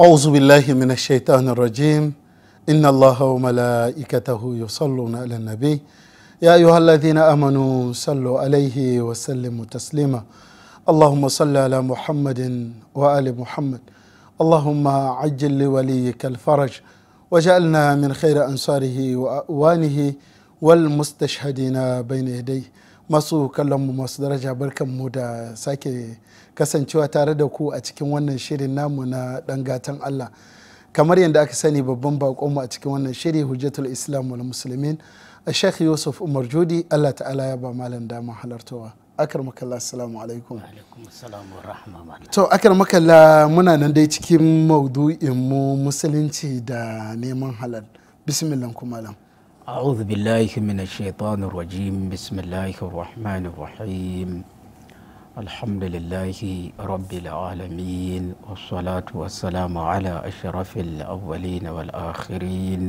أعوذ بالله من الشيطان الرجيم إن الله وملائكته يصلون على النبي يا أيها الذين آمنوا صلوا عليه وسلموا تسليما اللهم صل على محمد وآل محمد اللهم عجل لوليك الفرج وجعلنا من خير أنصاره وأوانه والمستشهدين بين يديه مسوك اللهم مصدر masu daraja barkan kasancewa tare da ku a cikin wannan shirin namu na ɗan Allah. Kamar yadda aka sani babban baƙonmu a cikin wannan shiri Hujjatul Islam wal Musulmin a Sheikh Yusuf Umar Jodi Allah ta'ala ya ba malam dama halartowa. akar makalla assalamu alaikum to akar makalla muna nan dai cikin maudu'in mu musulunci da neman halal bismillah kuma أعوذ a'udhu billahi الشيطان الرجيم بسم الله الرحمن rahim الحمد لله رب العالمين والصلاة والسلام على أشرف الأولين والآخرين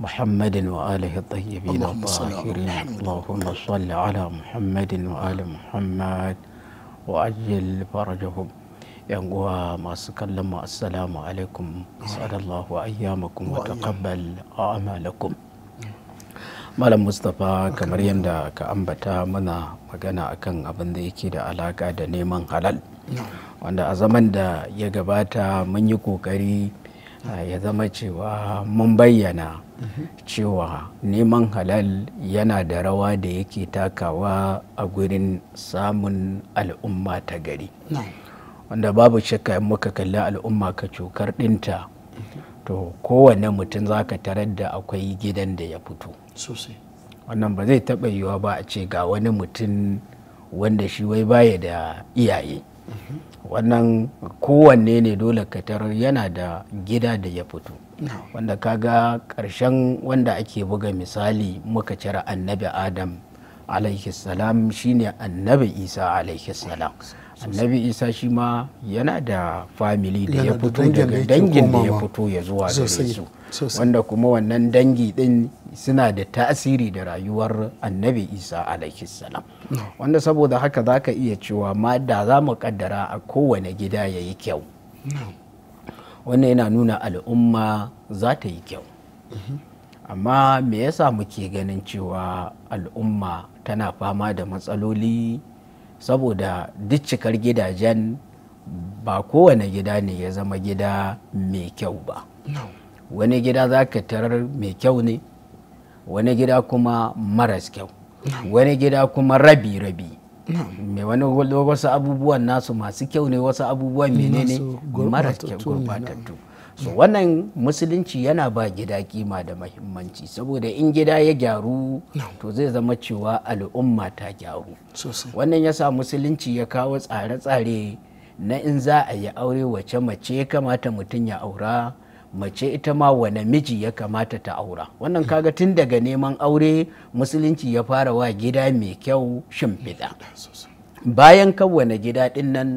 محمد وآله الطيبين الطاهرين اللهم صل على محمد وآل محمد وأجل فرجهم yanguwa ما سكلم السلام عليكم أسأل الله أيامكم وتقبل أعمالكم malam mustapha kamar yadda ka ambata mana magana akan abin da yake da alaka da neman halal wanda a zaman da ya gabata mun yi kokari ya zama cewa mun bayyana cewa neman halal yana da rawa da yake takawa a gurin samun al'umma ta gari wanda babu shakka muka kalli al'umma ka cokar ɗinta to kowane mutum za ka tarar da akwai gidan da ya fito wannan ba zai taɓa yiwa ba a ce ga wani mutum wanda shi wai baya da iyaye mhm. wannan kowanne ne dole ka tarar yana da gida da ya fito wanda kaga ƙarshen wanda ake buga misali muka cire annabi adam alaihi salam shine annabi isa alaihi salam annabi isa shi ma yana da famili da ya fito daga dangin da ya fito ya zuwa gare su wanda kuma wannan dangi din suna da tasiri da rayuwar annabi isa alaihi salam wanda saboda haka za ka iya cewa ma da za mu kaddara a kowane gida ya yi kyau wanda yana nuna al'umma za ta yi kyau mm-hmm. amma me yasa muke ganin cewa al'umma tana fama da matsaloli saboda duk cikar gidajen ba kowane gida ne ya zama gida mai kyau ba wani gida za ka tarar mai kyau ne wani gida kuma maras kyau wani gida kuma rabi-rabi mai wani wasu abubuwan nasu masu kyau ne wasu abubuwan menene maras kyau gurbatattu so wannan musulunci yana ba gida kima da mahimmanci saboda in gida ya gyaru to zai zama cewa al'umma ta gyaru wannan ya sa musulunci ya kawo tsare-tsare na in za a yi aure wace mace ya kamata mutum ya aura mace ita ma wane miji ya kamata ta aura wannan kaga tun daga neman aure musulunci ya fara wa gida mai kyau shimfiɗa bayan kawwane gida ɗin nan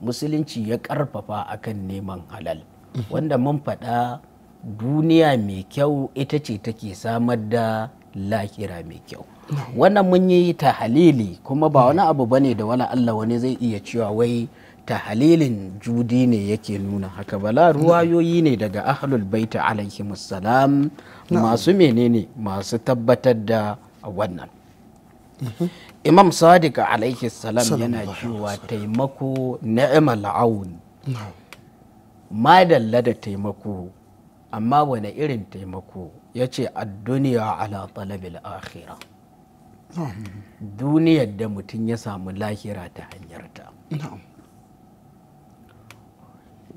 musulunci ya ƙarfafa akan neman halal wanda mun faɗa duniya mai kyau ita ce take samar da lakira mai kyau wannan mun yi ta halili kuma ba wani abu bane da wani Allah wani zai iya cewa wai ta halilin judi ne yake nuna haka bala ruwayoyi ne daga ahlul baita alaihi musallam masu menene masu tabbatar da wannan imam sadiq alaihi salam yana cewa taimako na'imal aun madalla da taimako amma wane irin taimako ya ce a duniya ala talabil akhira duniyar da mutum ya samu lahira ta hanyarta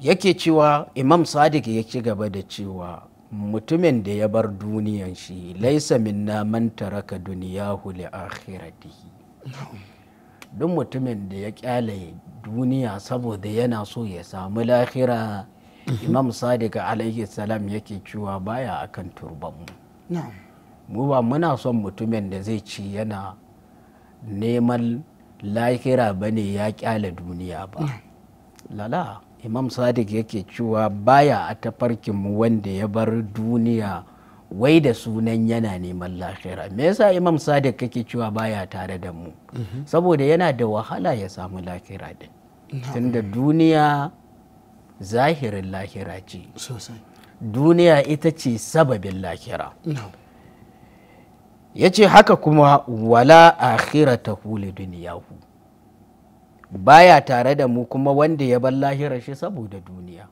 yake cewa imam sadiq ya ci gaba da cewa mutumin da ya bar duniyan shi laisa minna man taraka duniyahu li akhiratihi duk mutumin da ya kyale duniya saboda yana so ya samu lahira imam sadiq alaihi salam yake cewa baya akan turbanmu mu ba muna son mutumin da zai ci yana neman lahira bane ya kyale duniya ba lala imam sadiq yake cewa baya a tafarkin mu wanda ya bar duniya wai da sunan yana neman lahira me yasa imam sadiq kake cewa baya tare da mu saboda yana da wahala ya samu lahira din tunda duniya zahirin lahira ce duniya ita ce sababin lahira ya ce haka kuma wala akhirata huli duniyahu baya tare da mu kuma wanda ya bar lahira shi saboda duniya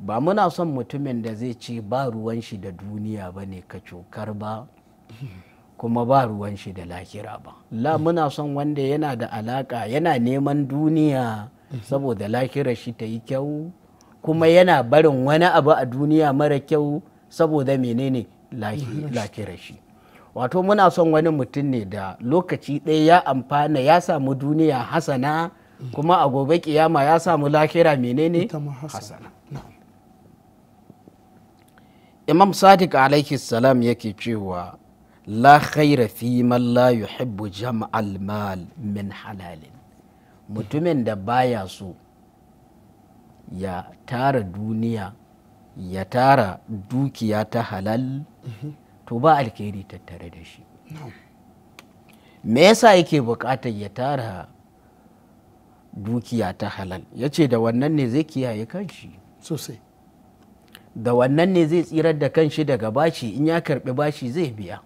ba muna son mutumin da zai ce ba ruwan shi da duniya ba ne ka cokar ba kuma ba ruwan shi da lahira ba la muna son wanda yana da alaka yana neman duniya saboda lahirar shi ta yi kyau kuma yana barin wani abu a duniya mara kyau saboda menene lahirar shi wato muna son wani mutum ne da lokaci ɗaya ya amfana ya samu duniya hasana kuma a gobe kiyama ya samu lahira menene hasana imam sadiq alaihi salam yake cewa la khaira fi man la yuhibbu jam'al mal min halalin mutumin da baya so ya tara duniya ya tara dukiya ta halal mhm. to ba alkhairi tattare da shi me yasa yake buƙatar ya tara dukiya ta halal yace da wannan ne zai kiyaye kanshi sosai da wannan ne zai tsirar da kanshi daga bashi in ya karbi bashi zai biya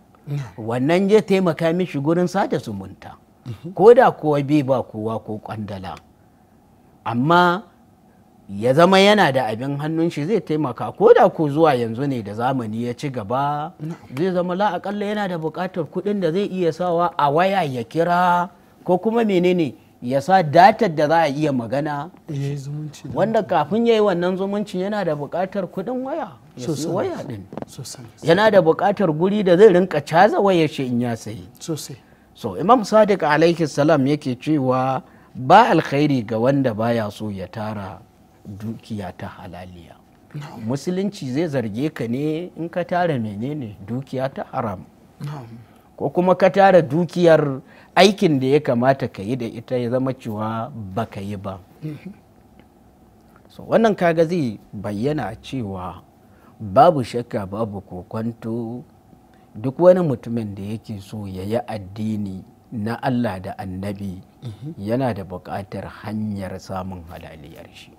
wannan ya taimaka mishi gurin sada zumunta ko da kowa bai ba kowa ko kwandala amma ya zama yana da abin hannun shi zai taimaka ko da ko zuwa yanzu ne da zamani ya ci gaba zai zama la'akalla yana da buƙatar kuɗin da zai iya sawa a waya ya kira ko kuma menene ya sa datar da za a iya magana eh, wanda kafin ya yi wannan zumunci yana da buƙatar kuɗin waya ya waya din. yana da buƙatar guri da zai rinka caza waya shi in ya sayi so imam sadiq alaihi salam yake cewa ba alkhairi ga wanda baya so ya tara dukiya ta halaliya musulunci zai zarge ka ne in ka tara menene dukiya ta haram ko kuma ka tara dukiyar aikin da ya kamata ka yi da ita ya zama cewa baka yi ba so wannan kaga zai bayyana cewa babu shakka babu kokonto duk wani mutumin da yake so ya yi addini na Allah da annabi mhm. yana da buƙatar hanyar samun halaliyar shi.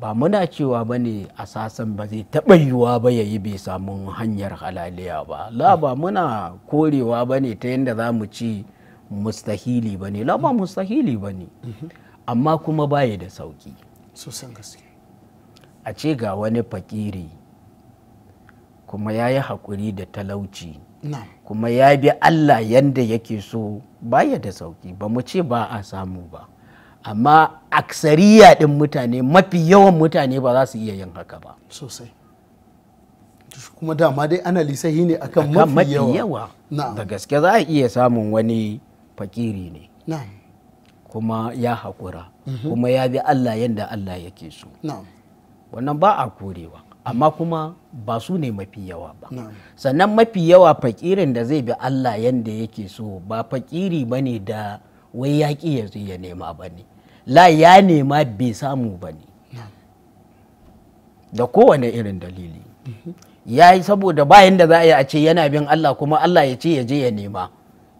ba muna cewa ba ne a sasan ba zai taɓa yiwuwa ba ya yi bai samu hanyar halaliya ba la ba muna korewa ba ne ta yadda za mu ci mustahili ba ne la ba mustahili ba ne amma kuma baya da sauki a ce ga wani fakiri kuma ya yi haƙuri da talauci kuma ya bi allah yadda yake so baya da sauki ba mu ce ba a samu ba amma aksariya din mutane mafi yawan mutane ba za su iya yin haka ba sosai kuma dama dai ana lisahi ne akan mafi yawa da gaske za a iya samun wani fakiri ne kuma ya haƙura mhm. kuma ya bi allah yadda allah yake so wannan ba a korewa amma kuma ba su ne mafi yawa ba sannan mafi yawa fakirin da zai bi allah yadda yake so ba fakiri ba ne da wai ya ƙi ya ya nema ba ne la ya nema bai samu ba ne da kowane irin dalili ya yi saboda bayan da za a yi a ce yana bin Allah kuma Allah ya ce ya je ya nema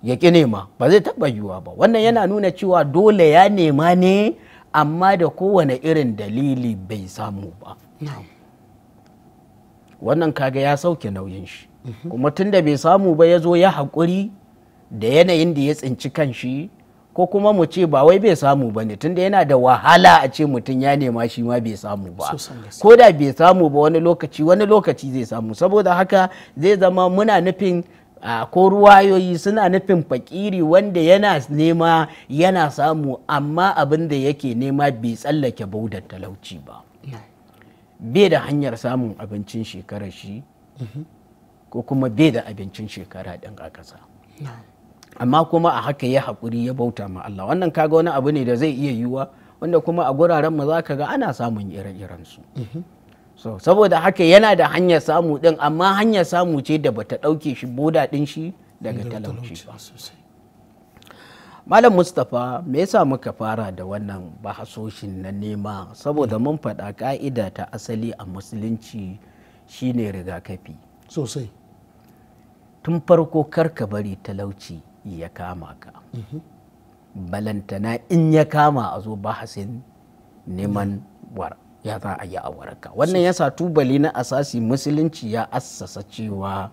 ya ƙi nema ba zai taɓa yiwuwa ba wannan yana nuna cewa dole ya nema ne amma da kowane irin dalili bai samu ba wannan kaga ya sauke nauyin shi kuma tun da bai samu ba ya zo ya haƙuri da yanayin da ya tsinci kan shi ko kuma mu ce ba wai bai samu ba ne tunda yana da wahala a ce mutum ya nema shi ma bai samu ba ko da bai samu ba wani lokaci wani lokaci zai samu saboda haka zai zama muna nufin a ko ruwayoyi suna nufin fakiri wanda yana nema yana samu amma abin da yake nema bai tsallake baudan talauci ba bai da hanyar samun abincin shekarar shi mhm. ko kuma bai da abincin shekara ɗin a ƙasa amma kuma a haka ya haƙuri ya bauta ma Allah wannan kaga wani abu ne da zai iya yiwuwa wanda kuma a guraren mu za ka ga ana samun ire-iren su mhm. so saboda haka yana da hanyar samu din amma hanyar samu ce da bata ɗauke shi boda din shi daga talauci Malam Mustapha me yasa muka fara da wannan bahasoshin na nema saboda mun faɗa ka'ida ta asali a musulunci shine rigakafi. Sosai. Tun farko kar ka bari talauci ya kama ka mhm. balantana in ya kama a zo bahasin neman war ya za a yi a waraka wannan yasa tubali na asasi musulunci ya assasa cewa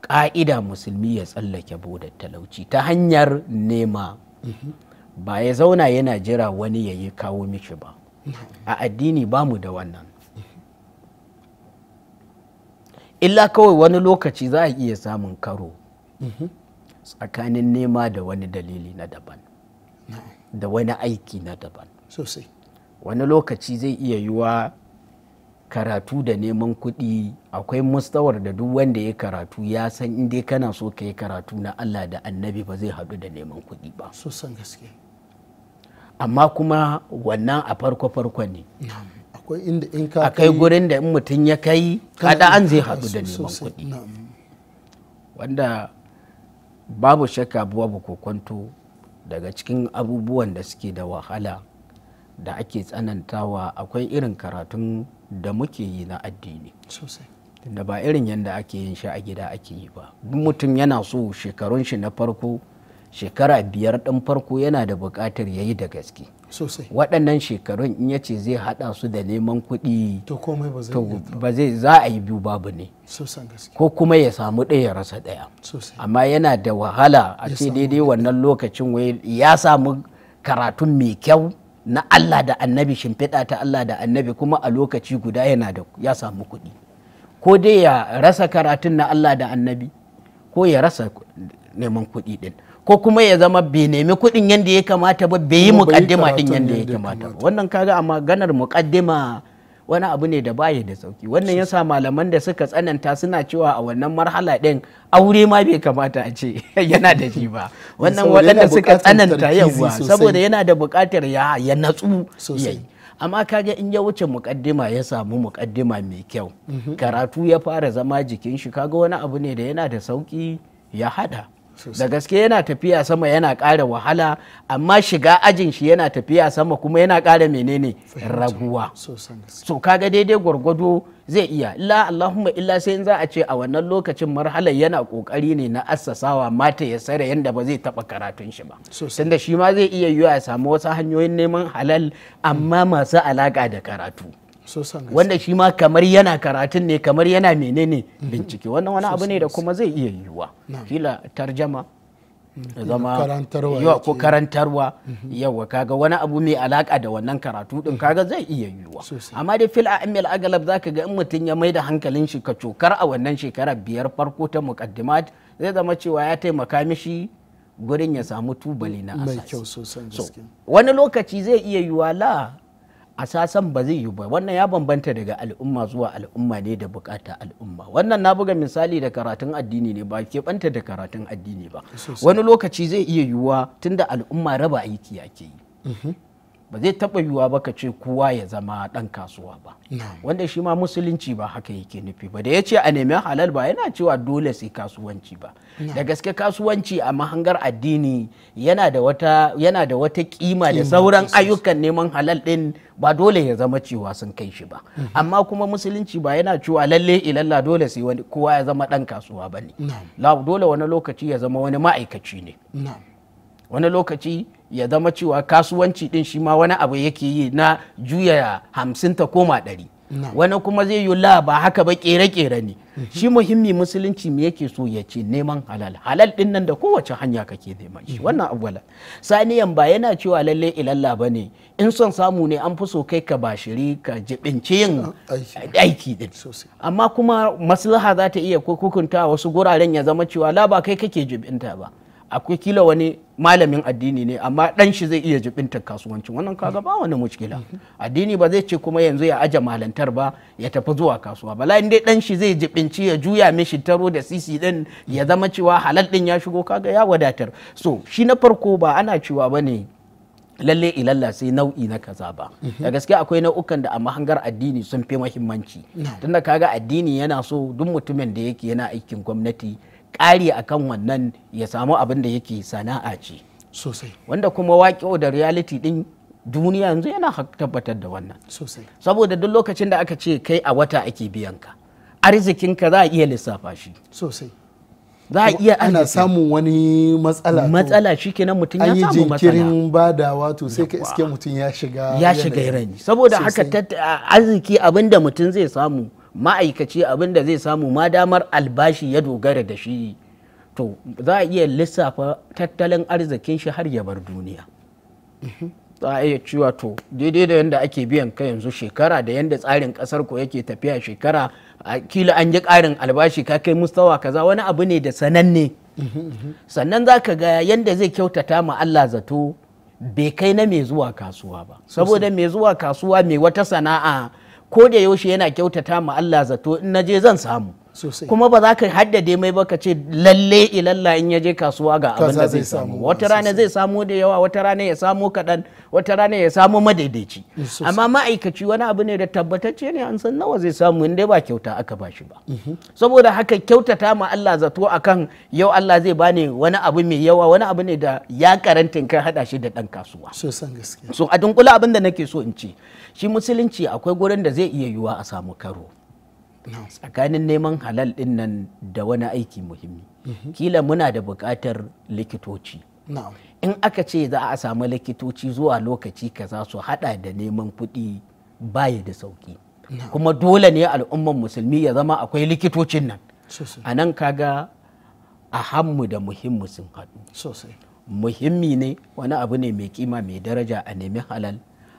ƙa'ida musulmi ya tsallake bodar talauci ta hanyar nema mhm. ba ya zauna yana jira wani ya yi kawo mishi ba a addini ba mu da wannan mhm. illa kawai wani lokaci za a iya samun karo tsakanin nema da wani dalili na daban da wani aiki na daban sosai wani lokaci zai iya yiwa karatu da neman kuɗi akwai mustawar da duk wanda ya karatu ya san in kana so ka yi karatu na Allah da annabi ba zai haɗu da neman kuɗi ba sosan gaske amma kuma wannan a farko-farko ne akwai gurin da in mutum ya kai kada an zai haɗu da neman kuɗi wanda babu shakka babu kokonto daga cikin abubuwan da suke da wahala da ake tsanantawa akwai irin karatun da muke yi na addini da ba irin yadda ake yin shi a gida ake yi ba duk mutum yana so shekarun shi na farko shekara biyar ɗin farko yana da buƙatar ya yi da gaske waɗannan shekarun in ya ce zai haɗa su da neman kuɗi to ba zai za a yi biyu babu ne ko kuma ya samu ɗaya rasa ɗaya amma yana da wahala a ce daidai wannan lokacin wai ya samu karatun mai kyau na Allah da annabi shimfiɗa ta Allah da annabi kuma a lokaci guda yana da ya samu kuɗi ko dai ya rasa karatun na Allah da annabi ko ya rasa neman kuɗi ɗin ko kuma ya zama bai nemi kuɗin yadda ya kamata ba bai yi muƙaddima ɗin yadda ya kamata ba wannan kaga a maganar muƙaddima wani abu ne da baya da sauki wannan ya sa malaman da suka tsananta suna cewa a wannan marhala ɗin aure ma bai kamata a ce yana da shi ba wannan waɗanda suka tsananta yawa saboda yana da buƙatar ya ya natsu yayi amma kaga in ya wuce muƙaddima ya samu muƙaddima mai kyau mhm. karatu ya fara zama jikin shi kaga wani abu ne da yana da sauki ya hada da gaske yana tafiya sama yana kara wahala amma shiga ajin shi yana tafiya sama kuma yana kara menene raguwa so kaga daidai gwargwado zai iya illa allahumma illa sai in za a ce a wannan lokacin marhalar yana kokari ne na assasawa mata ya sare yadda ba zai taba karatun shi ba tunda shi ma zai iya yiwa ya samu wasu hanyoyin neman halal amma masu alaka da karatu wanda shi ma kamar yana karatun ne kamar yana menene mm-hmm. bincike wannan wani abu ne da kuma zai iya yiwuwa kila tarjama mm-hmm. zama yawa ko karantarwa mm-hmm. yawa kaga wani abu mai alaka da wannan karatu din kaga zai iya yiwuwa amma dai fil a'mal agalab zaka ga in mutum ya mai da hankalin shi ka cokar a wannan shekara biyar farko ta muqaddimat zai zama cewa ya taimaka mishi gurin ya samu tubali na asasi wani lokaci zai iya yiwuwa la asasan ba zai yi ba wannan ya bambanta daga al'umma zuwa al'umma ne da bukata al'umma wannan na buga misali da karatun addini ne ba keɓanta da karatun addini ba wani lokaci zai iya yiwuwa tunda al'umma raba aiki ake yi mhm. ba zai taɓa yiwuwa ba ka ce kowa ya zama ɗan kasuwa ba wanda shi ma musulunci ba haka yake nufi ba da ya ce a nemi halal ba yana cewa dole sai kasuwanci ba da gaske kasuwanci a mahangar addini yana da wata kima da sauran ayyukan neman halal ɗin ba dole ya zama cewa sun kai shi ba mhm. amma kuma musulunci ba yana cewa lalle ilalla dole sai wani kowa ya zama ɗan kasuwa ba ne dole wani lokaci ya zama wani ma'aikaci ne wani lokaci ya zama cewa kasuwanci din shi ma wani abu yake yi na juya hamsin ta koma ɗari wani kuma zai yi la ba haka ba kere-kere ne mhm. shi muhimmi musulunci me yake so ya ce neman halal halal din nan da kowace hanya kake neman shi mhm. wannan awwala saniyan ba yana cewa lalle ilalla ba ne in son samu ne an fi so kai ka bashiri ka jibince yin aiki din amma kuma maslaha za ta iya kukunta wasu guraren ya zama cewa la ba kai kake jibinta ba akwai kila wani malamin addini ne amma dan shi zai iya jibinta kasuwancin wannan kaga ba wani mushkila addini ba zai ce kuma yanzu ya aje malantar ba ya tafi zuwa kasuwa bala in dai dan shi zai jibinci ya juya mishi taro da sisi din ya zama cewa halal din ya shigo kaga ya wadatar so shi na farko ba ana cewa bane lalle ilalla sai nau'i na kaza ba mhm. da gaske akwai nau'ukan da a mahangar addini sun fi muhimmanci. tunda kaga addini yana so duk mutumin da yake yana aikin gwamnati ƙari akan wannan ya samu abin da yake sana'a ce sosai wanda kuma waƙo da reality din duniya yanzu yana tabbatar da wannan sosai saboda duk lokacin da aka ce kai a wata ake biyan ka ka za a iya lissafa shi sosai za a iya ana samun wani matsala matsala shi kenan mutum ya samu matsala jinkirin badawa to sai ka iske mutum ya shiga ya shiga rani saboda haka arziki abinda mutum zai samu ma'aikaci abin da zai samu ma damar albashi ya dogara da shi to za a iya lissafa tattalin arzikin shi har ya bar duniya za a iya cewa to daidai da yadda ake biyan ka yanzu shekara da yadda tsarin kasar ko yake tafiya shekara kila an yi ƙarin albashi ka kai mustawa kaza wani abu ne da sananne sannan za ka ga yadda zai kyautata ma Allah zato bai kai na mai zuwa kasuwa ba saboda mai zuwa kasuwa mai wata sana'a ko da yaushe yana kyautata ma Allah zato in naje zan samu kuma ba za ka haddade mai ba ka ce lalle ilalla in ya je kasuwa ga abin da zai samu wata rana zai samu da yawa wata rana ya samu kaɗan wata rana ya samu madaidaici eh, amma ma'aikaci wani abu ne da tabbatacce ne an san nawa zai samu in dai ba kyauta aka ba shi ba mhm. saboda haka kyautata ma Allah zato akan yau Allah zai bani wani abu mai yawa wani abu ne da ya karantin kan hada shi da dan kasuwa so a dunkula abin da nake so in ce shi musulunci akwai gurin da zai iya yiwuwa a samu karo tsakanin neman halal din da wani aiki muhimmi mhm. kila muna da bukatar likitoci in aka ce za a samu likitoci zuwa lokaci kaza su hada da neman kuɗi baya da sauki kuma dole ne al'umman musulmi ya zama akwai likitocin nan a nan kaga a hammu da muhimmi sun haɗu muhimmi ne wani abu ne mai kima mai daraja a nemi halal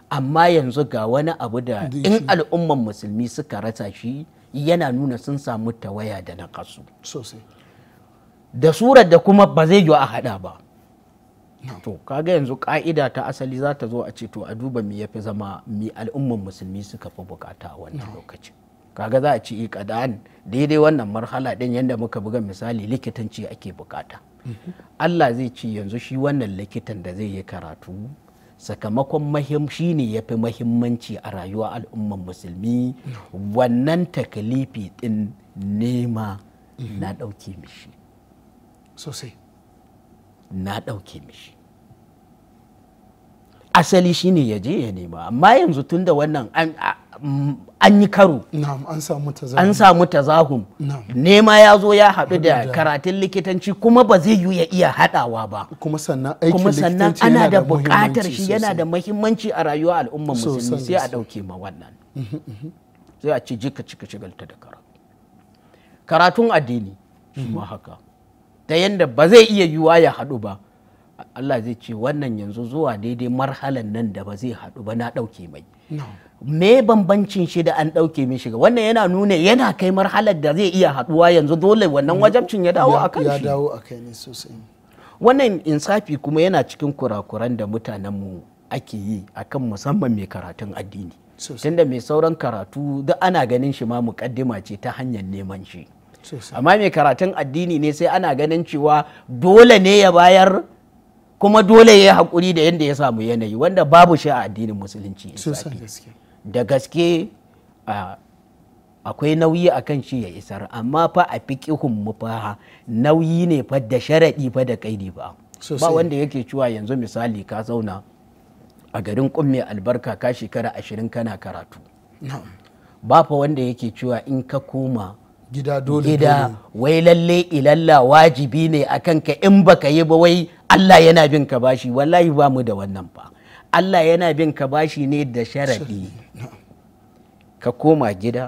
amma yanzu ga wani abu da in al'umman musulmi suka rasa shi yana nuna sun samu tawaya da nakasu kasu da surar da kuma ba zai yiwu a hada ba to kaga yanzu ka'ida ta asali za ta zo a ce to a duba me yafi zama mi al'umman musulmi suka fi bukata a wannan lokacin kaga za a ce kada'an eh, daidai wannan marhala din yadda muka buga misali likitanci ake bukata mhm. Allah zai ce yanzu shi wannan likitan da zai yi karatu sakamakon mahim shi ne ya fi mahimmanci a rayuwa al'umman musulmi wannan takalifi ɗin nema na mhm. ɗauke mishi sosai na ɗauke mishi asali shine ya je ya nema amma yanzu tun da wannan Mm, an yi karo an samu tazahum nema ya zo ya haɗu da karatun likitanci kuma ba zai yi ya iya haɗawa ba kuma sannan ana da buƙatar shi yana da mahimmanci a rayuwa al'ummar musulmi sai a ɗauke ma wannan mhm, mhm. sai a ce jika cika shigalta da karatu karatun addini shi ma mhm. haka ta yadda ba zai iya yiwuwa ya haɗu ba Allah zai ce wannan yanzu zuwa daidai marhalan nan da ba zai haɗu ba na ɗauke mai me bambancin shi da an ɗauke min shiga wannan yana nuna yana kai marhalar da zai iya haɗuwa yanzu dole wannan wajabcin ya dawo a kan shi ya dawo a kai ne sosai wannan insafi kuma yana cikin kurakuran da mutanenmu ake yi akan musamman mai karatun addini tunda mai sauran karatu duk ana ganin shi ma muƙaddima ce ta hanyar neman shi amma mai karatun addini ne sai ana ganin cewa dole ne ya bayar kuma dole ya yi haƙuri da yadda ya samu yanayi wanda babu shi a addinin musulunci da gaske akwai nauyi a kan shi ya isar amma fa a fi mu fa nauyi ne fa da sharaɗi fa da kaidi ba ba wanda yake cewa yanzu misali ka zauna a garin ƙumme albarka ka shekara ashirin kana karatu ba fa wanda yake cewa in ka koma gida dole gida wai lalle ilalla wajibi ne a kanka in baka yi ba wai Allah yana bin ka bashi wallahi ba mu da wannan ba. Allah yana bin ka bashi ne da sharaɗi ka koma gida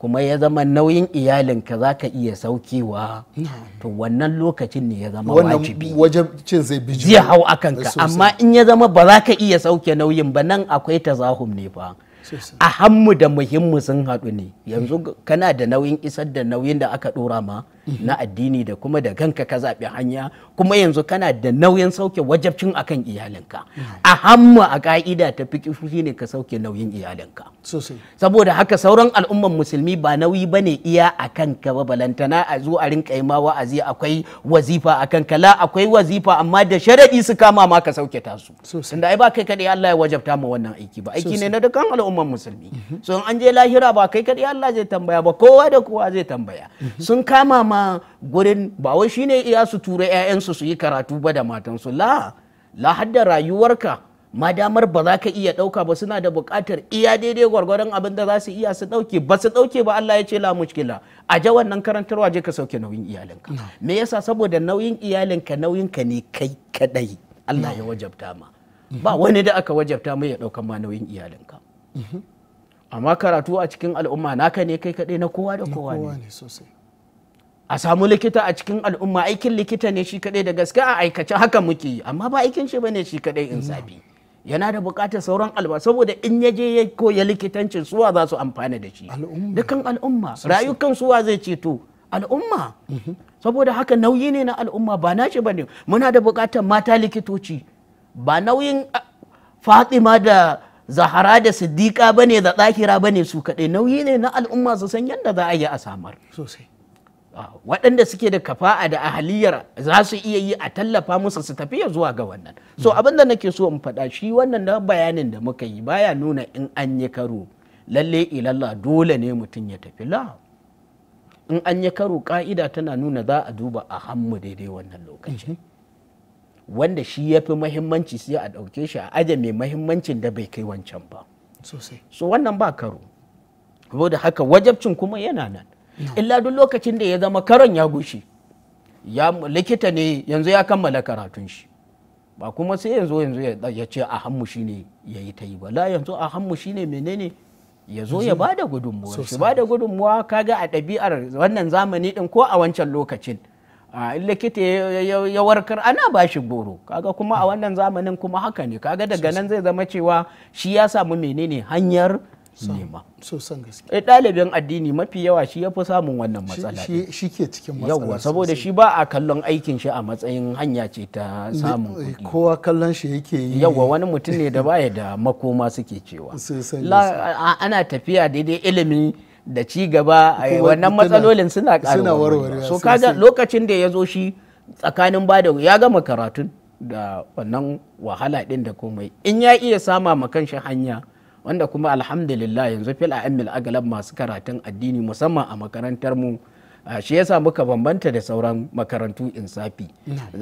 kuma ya zama nauyin iyalinka za ka iya saukewa to wannan lokacin ne ya zama wajibi wajen cin zai biji zai hau akan ka amma in ya zama ba za ka iya sauke nauyin ba nan akwai tazahum ne fa a hannu da muhimmu sun haɗu ne yanzu kana da nauyin isar da nauyin da aka ɗora ma na addini da kuma da ganka ka zaɓi hanya kuma yanzu kana da nauyin sauke wajabcin akan iyalinka a hamma a ka'ida ta fi ne ka sauke nauyin iyalinka saboda haka sauran al'umman musulmi ba nauyi ne iya akan ka ba balantana a zo a rinka wa'azi akwai wazifa a kanka la akwai wazifa amma da sharadi su kama ma ka sauke ta su tunda ai ba kai kadai Allah ya wajabta ma wannan aiki ba aiki ne na dukkan al'umman musulmi mhm. so an je lahira ba kai kadai Allah zai tambaya ba kowa da kowa zai tambaya mhm. sun kama ma gurin ba wai shine iya su tura 'ya'yansu su yi karatu ba da matansu la la hadda rayuwarka madamar ba za ka iya ɗauka ba suna da bukatar iya daidai gwargwaron abin da za su iya su ɗauke ba su ɗauke ba Allah ya ce la mushkila a ja wannan karantarwa je ka sauke nauyin iyalinka me yasa saboda nauyin iyalinka nauyinka ne kai kadai Allah ya wajabta ma mhm. ba wani da aka wajabta mai ya dauka ma nauyin iyalinka mhm. amma karatu a cikin al'umma naka ne kai kadai na kowa da kowa ne sosai a samu likita a cikin al'umma aikin likita ne shi kadai da gaske a aikace haka muke yi amma ba aikin shi bane shi kadai sabi mm. yana da bukatar sauran alba saboda in ya je ya koya likitancin suwa za su amfana da shi dukan al'umma rayukan suwa zai ceto al'umma mm-hmm. saboda haka nauyi ne na al'umma ba na shi bane muna da bukatar mata likitoci ba nauyin fatima da zahara da siddiqa bane da tsakira bane su kadai nauyi ne na al'umma su san yadda za a yi a samar sosai Ah, waɗanda suke da kafa'a da ahaliyar za su iya yi a tallafa musu su tafiya zuwa ga wannan so hmm. abin da nake so in faɗa shi wannan na bayanin da muka yi baya nuna in an yi karo lalle ilalla dole ne mutum ya tafi la in an yi karo ka'ida tana nuna za a duba a hannu daidai wannan lokacin mhm. wanda shi ya fi mahimmanci sai a ɗauke shi a aje mai mahimmancin da bai kai wancan ba sosai so wannan ba karo saboda haka wajabcin kuma yana nan illa duk lokacin da ya zama karon ya gushi ya likita ne yanzu ya kammala karatun shi ba kuma sai yanzu yanzu ya ce a hannu shi ne ya yi ta yi ba la yanzu a hannu shi ne menene ya zo ya bada gudunmuwa shi bada gudunmuwa kaga a ɗabi'ar wannan zamani din ko a wancan lokacin in likita ya warkar ana ba shi goro kaga kuma a wannan zamanin kuma haka ne kaga daga nan zai zama cewa shi ya samu menene hanyar nema sosan gaske eh, ɗalibin addini mafi yawa shi ya fi samun wannan matsala shi ke cikin matsala yawa saboda shi ba a kallon aikin shi a matsayin hanya ce ta samun eh, kuɗi kowa kallon shi yake yi yawa wani mutum ne da baya da makoma suke cewa ana tafiya daidai ilimi da ci gaba eh, wannan matsalolin suna warware. so kaga lokacin da ya zo shi tsakanin bada ya gama karatun da wannan wahala ɗin da komai in ya iya sama ma kanshi hanya wanda kuma alhamdulillah yanzu fil a amil agalab masu karatun addini musamman a makarantar mu shi yasa muka bambanta da sauran makarantu insafi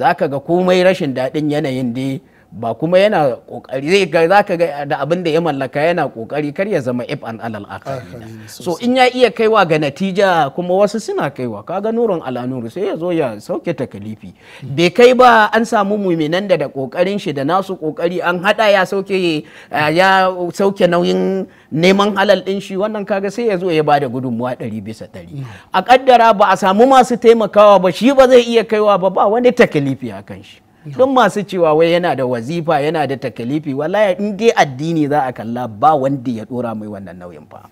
zaka ga komai rashin daɗin yanayin dai ba kuma yana kokari zai ga zaka ga da abin da ya mallaka yana kokari kar ya zama if an alal so in ya iya kaiwa ga natija kuma wasu suna kaiwa kaga nurun ala nuru sai ya zo ya sauke takalifi bai kai ba an samu muminan da da kokarin shi da nasu kokari an hada ya sauke ya sauke nauyin neman halal din shi wannan kaga sai ya zo ya bada gudunmuwa ɗari bisa ɗari a kaddara ba a samu masu taimakawa ba shi ba zai iya kaiwa ba ba wani takalifi a kan shi don masu cewa wai yana da wazifa yana da takalifi wallahi in dai addini za a kalla ba wanda ya dora mai wannan nauyin fa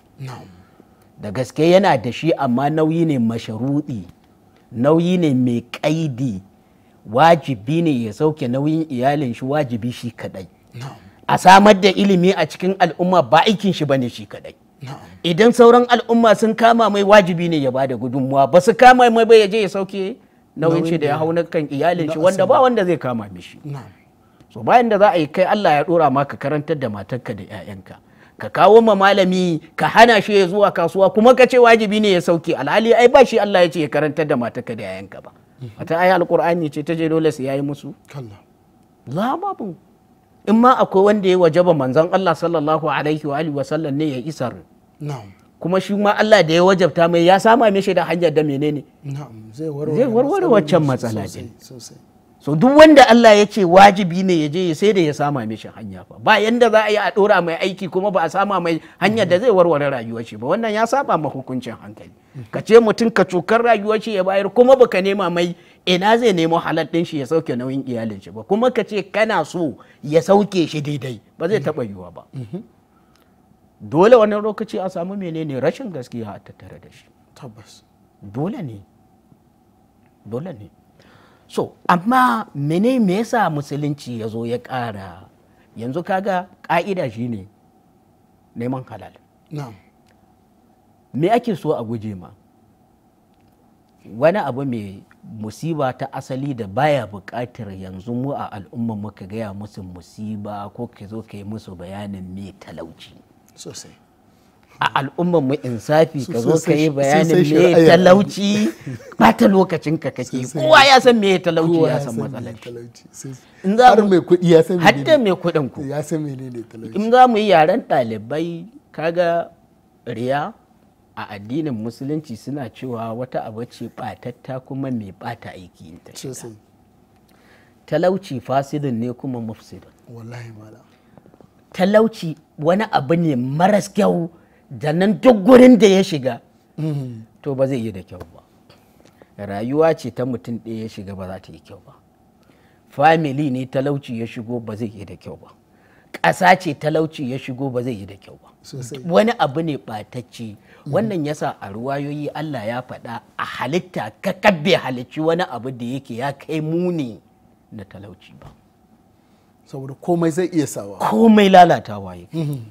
da gaske yana da shi amma nauyi ne masharuɗi nauyi ne mai kaidi wajibi ne ya sauke nauyin iyalin shi wajibi shi kadai a samar da ilimi a cikin al'umma ba aikin shi bane shi kadai idan sauran al'umma sun kama mai wajibi ne ya bada gudunmuwa ba su kama mai bai ya je ya sauke nauyin shi da ya hau na kan iyalin shi wanda ba wanda zai kama mishi so bayan da za a yi kai Allah ya dora ma ka karantar da matarka da 'ya'yanka ka kawo ma malami ka hana shi ya zuwa kasuwa kuma ka ce wajibi ne ya sauke alhali ai ba shi Allah ya ce ya karantar da matarka da 'ya'yanka ba wata ayi alkur'ani ce ta je dole su yayi musu la in ma akwai wanda ya wajaba manzon Allah sallallahu alaihi wa alihi wa sallam ne ya isar na'am kuma shi ma Allah da ya wajabta mai ya sama mai shaidan hanyar da menene zai warware waccan matsala din so duk wanda Allah ya ce wajibi ne ya je ya sai da ya sama mai shi hanya fa ba yanda za a yi a dora mai aiki kuma ba a sama mai hanyar da zai warware rayuwar shi ba wannan ya saba ma hukuncin hankali ka ce mutum ka cokar rayuwar shi ya bayar kuma ba ka nema mai ina zai nemo halal din shi ya sauke nauyin iyalin shi ba kuma ka ce kana so ya sauke shi daidai ba zai taba yiwa ba mm-hmm. dole wani lokaci a samu menene rashin gaskiya a tattare da shi tabbas dole ne dole ne so amma mene me yasa musulunci ya zo ya ƙara yanzu kaga ƙa'ida ne, neman halal me ake so a guje ma wani abu mai musiba ta asali da baya buƙatar yanzu mu a al'umma muka gaya musu musiba ko ka zo ka yi musu bayanin mai talauci sosai a al'ummar mu insafi ka zo ka yi bayanin me talauci ba ta lokacin ka kake kowa ya san me talauci ya san matsalar in za mu mai kuɗi ya san hatta mai kuɗin ku ya san menene talauci in za mu yi yaren ɗalibai kaga riya a addinin musulunci suna cewa wata abu ce batatta kuma mai bata aiki ta talauci fasidin ne kuma mufsidin wallahi malam talauci wani abu ne maras kyau da nan duk gurin da ya shiga to ba zai yi da kyau ba rayuwa ce ta mutum ɗaya ya shiga ba za ta yi kyau ba famili ne talauci ya shigo ba zai yi da kyau ba ƙasa ce talauci ya shigo ba zai yi da kyau ba wani abu ne ɓatacce wannan yasa a ruwayoyi Allah ya faɗa a halitta ka kabbe halicci wani abu da yake ya kai muni na talauci ba saboda komai zai iya sawa komai lalatawa yake mhm.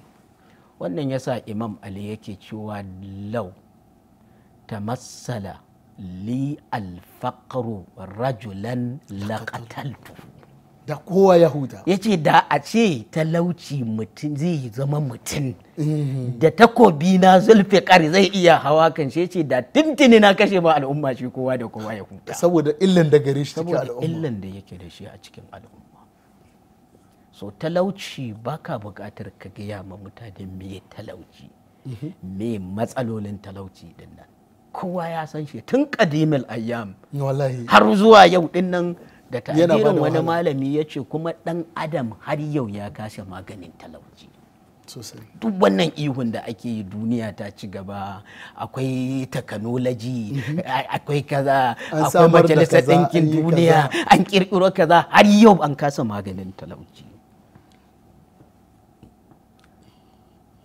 wannan yasa imam ali yake cewa lau ta matsala li alfaqru rajulan laqataltu da kowa ya huta ya ce da a ce talauci mutum zai zama mutum mhm. da takobi na zulfikar zai iya hawa kan shi ce da tuntuni na kashe ba al'umma shi kowa da kowa ya huta saboda illan da gare shi cikin al'umma illan da yake da shi a cikin al'umma so talauci baka buƙatar ka gaya ma mutane me talauci mhm. me matsalolin talauci din nan kowa ya san shi tun kadimil ayyam har zuwa yau din nan da ta'adirin wani malami ya ce kuma dan adam har yau ya kashe maganin talauci duk wannan ihun da ake yi duniya ta ci gaba akwai takanoloji mhm. akwai kaza akwai majalisar ɗinkin duniya an kirkiro kaza har yau an kasa maganin talauci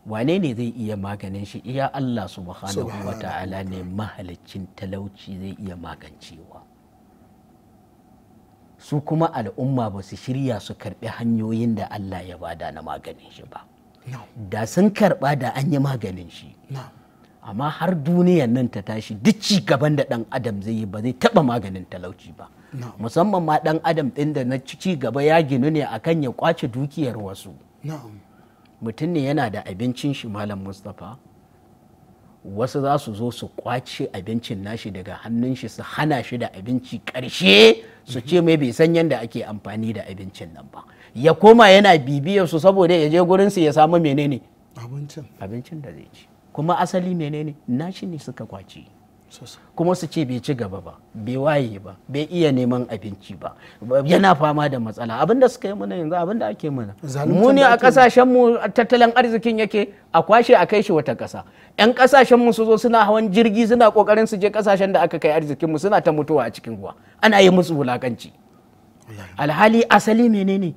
wane ne zai iya maganin shi iya Allah subhanahu wa ta'ala ne mahalicin talauci zai iya magancewa su kuma al'umma ba su shirya su karbi hanyoyin da Allah ya bada na maganin shi ba da sun karba da an yi maganin shi amma har duniyan nan ta tashi duk ci gaban da dan adam zai yi ba zai taba maganin talauci ba musamman ma dan adam din da na ci gaba ya ginu ne akan ya kwace dukiyar wasu mutum ne yana da abincin shi malam mustapha wasu za su zo su kwace abincin nashi daga hannun shi su hana shi da abinci karshe su ce mai bai san yadda ake amfani da abincin nan ba ya koma yana bibiyar su saboda ya je gurin su ya samu menene abincin da zai ci kuma asali menene nashi ne suka kwace kuma su ce bai ci gaba ba bai waye ba bai iya neman abinci ba yana fama da matsala abinda suka yi mana yanzu abinda ake mana mu ne a kasashen mu tattalin arzikin yake a kwashe a kai shi wata kasa yan kasashen mu su zo suna hawan jirgi suna kokarin su je kasashen da aka kai arzikin mu suna ta mutuwa a cikin ruwa ana yi musu wulakanci alhali asali menene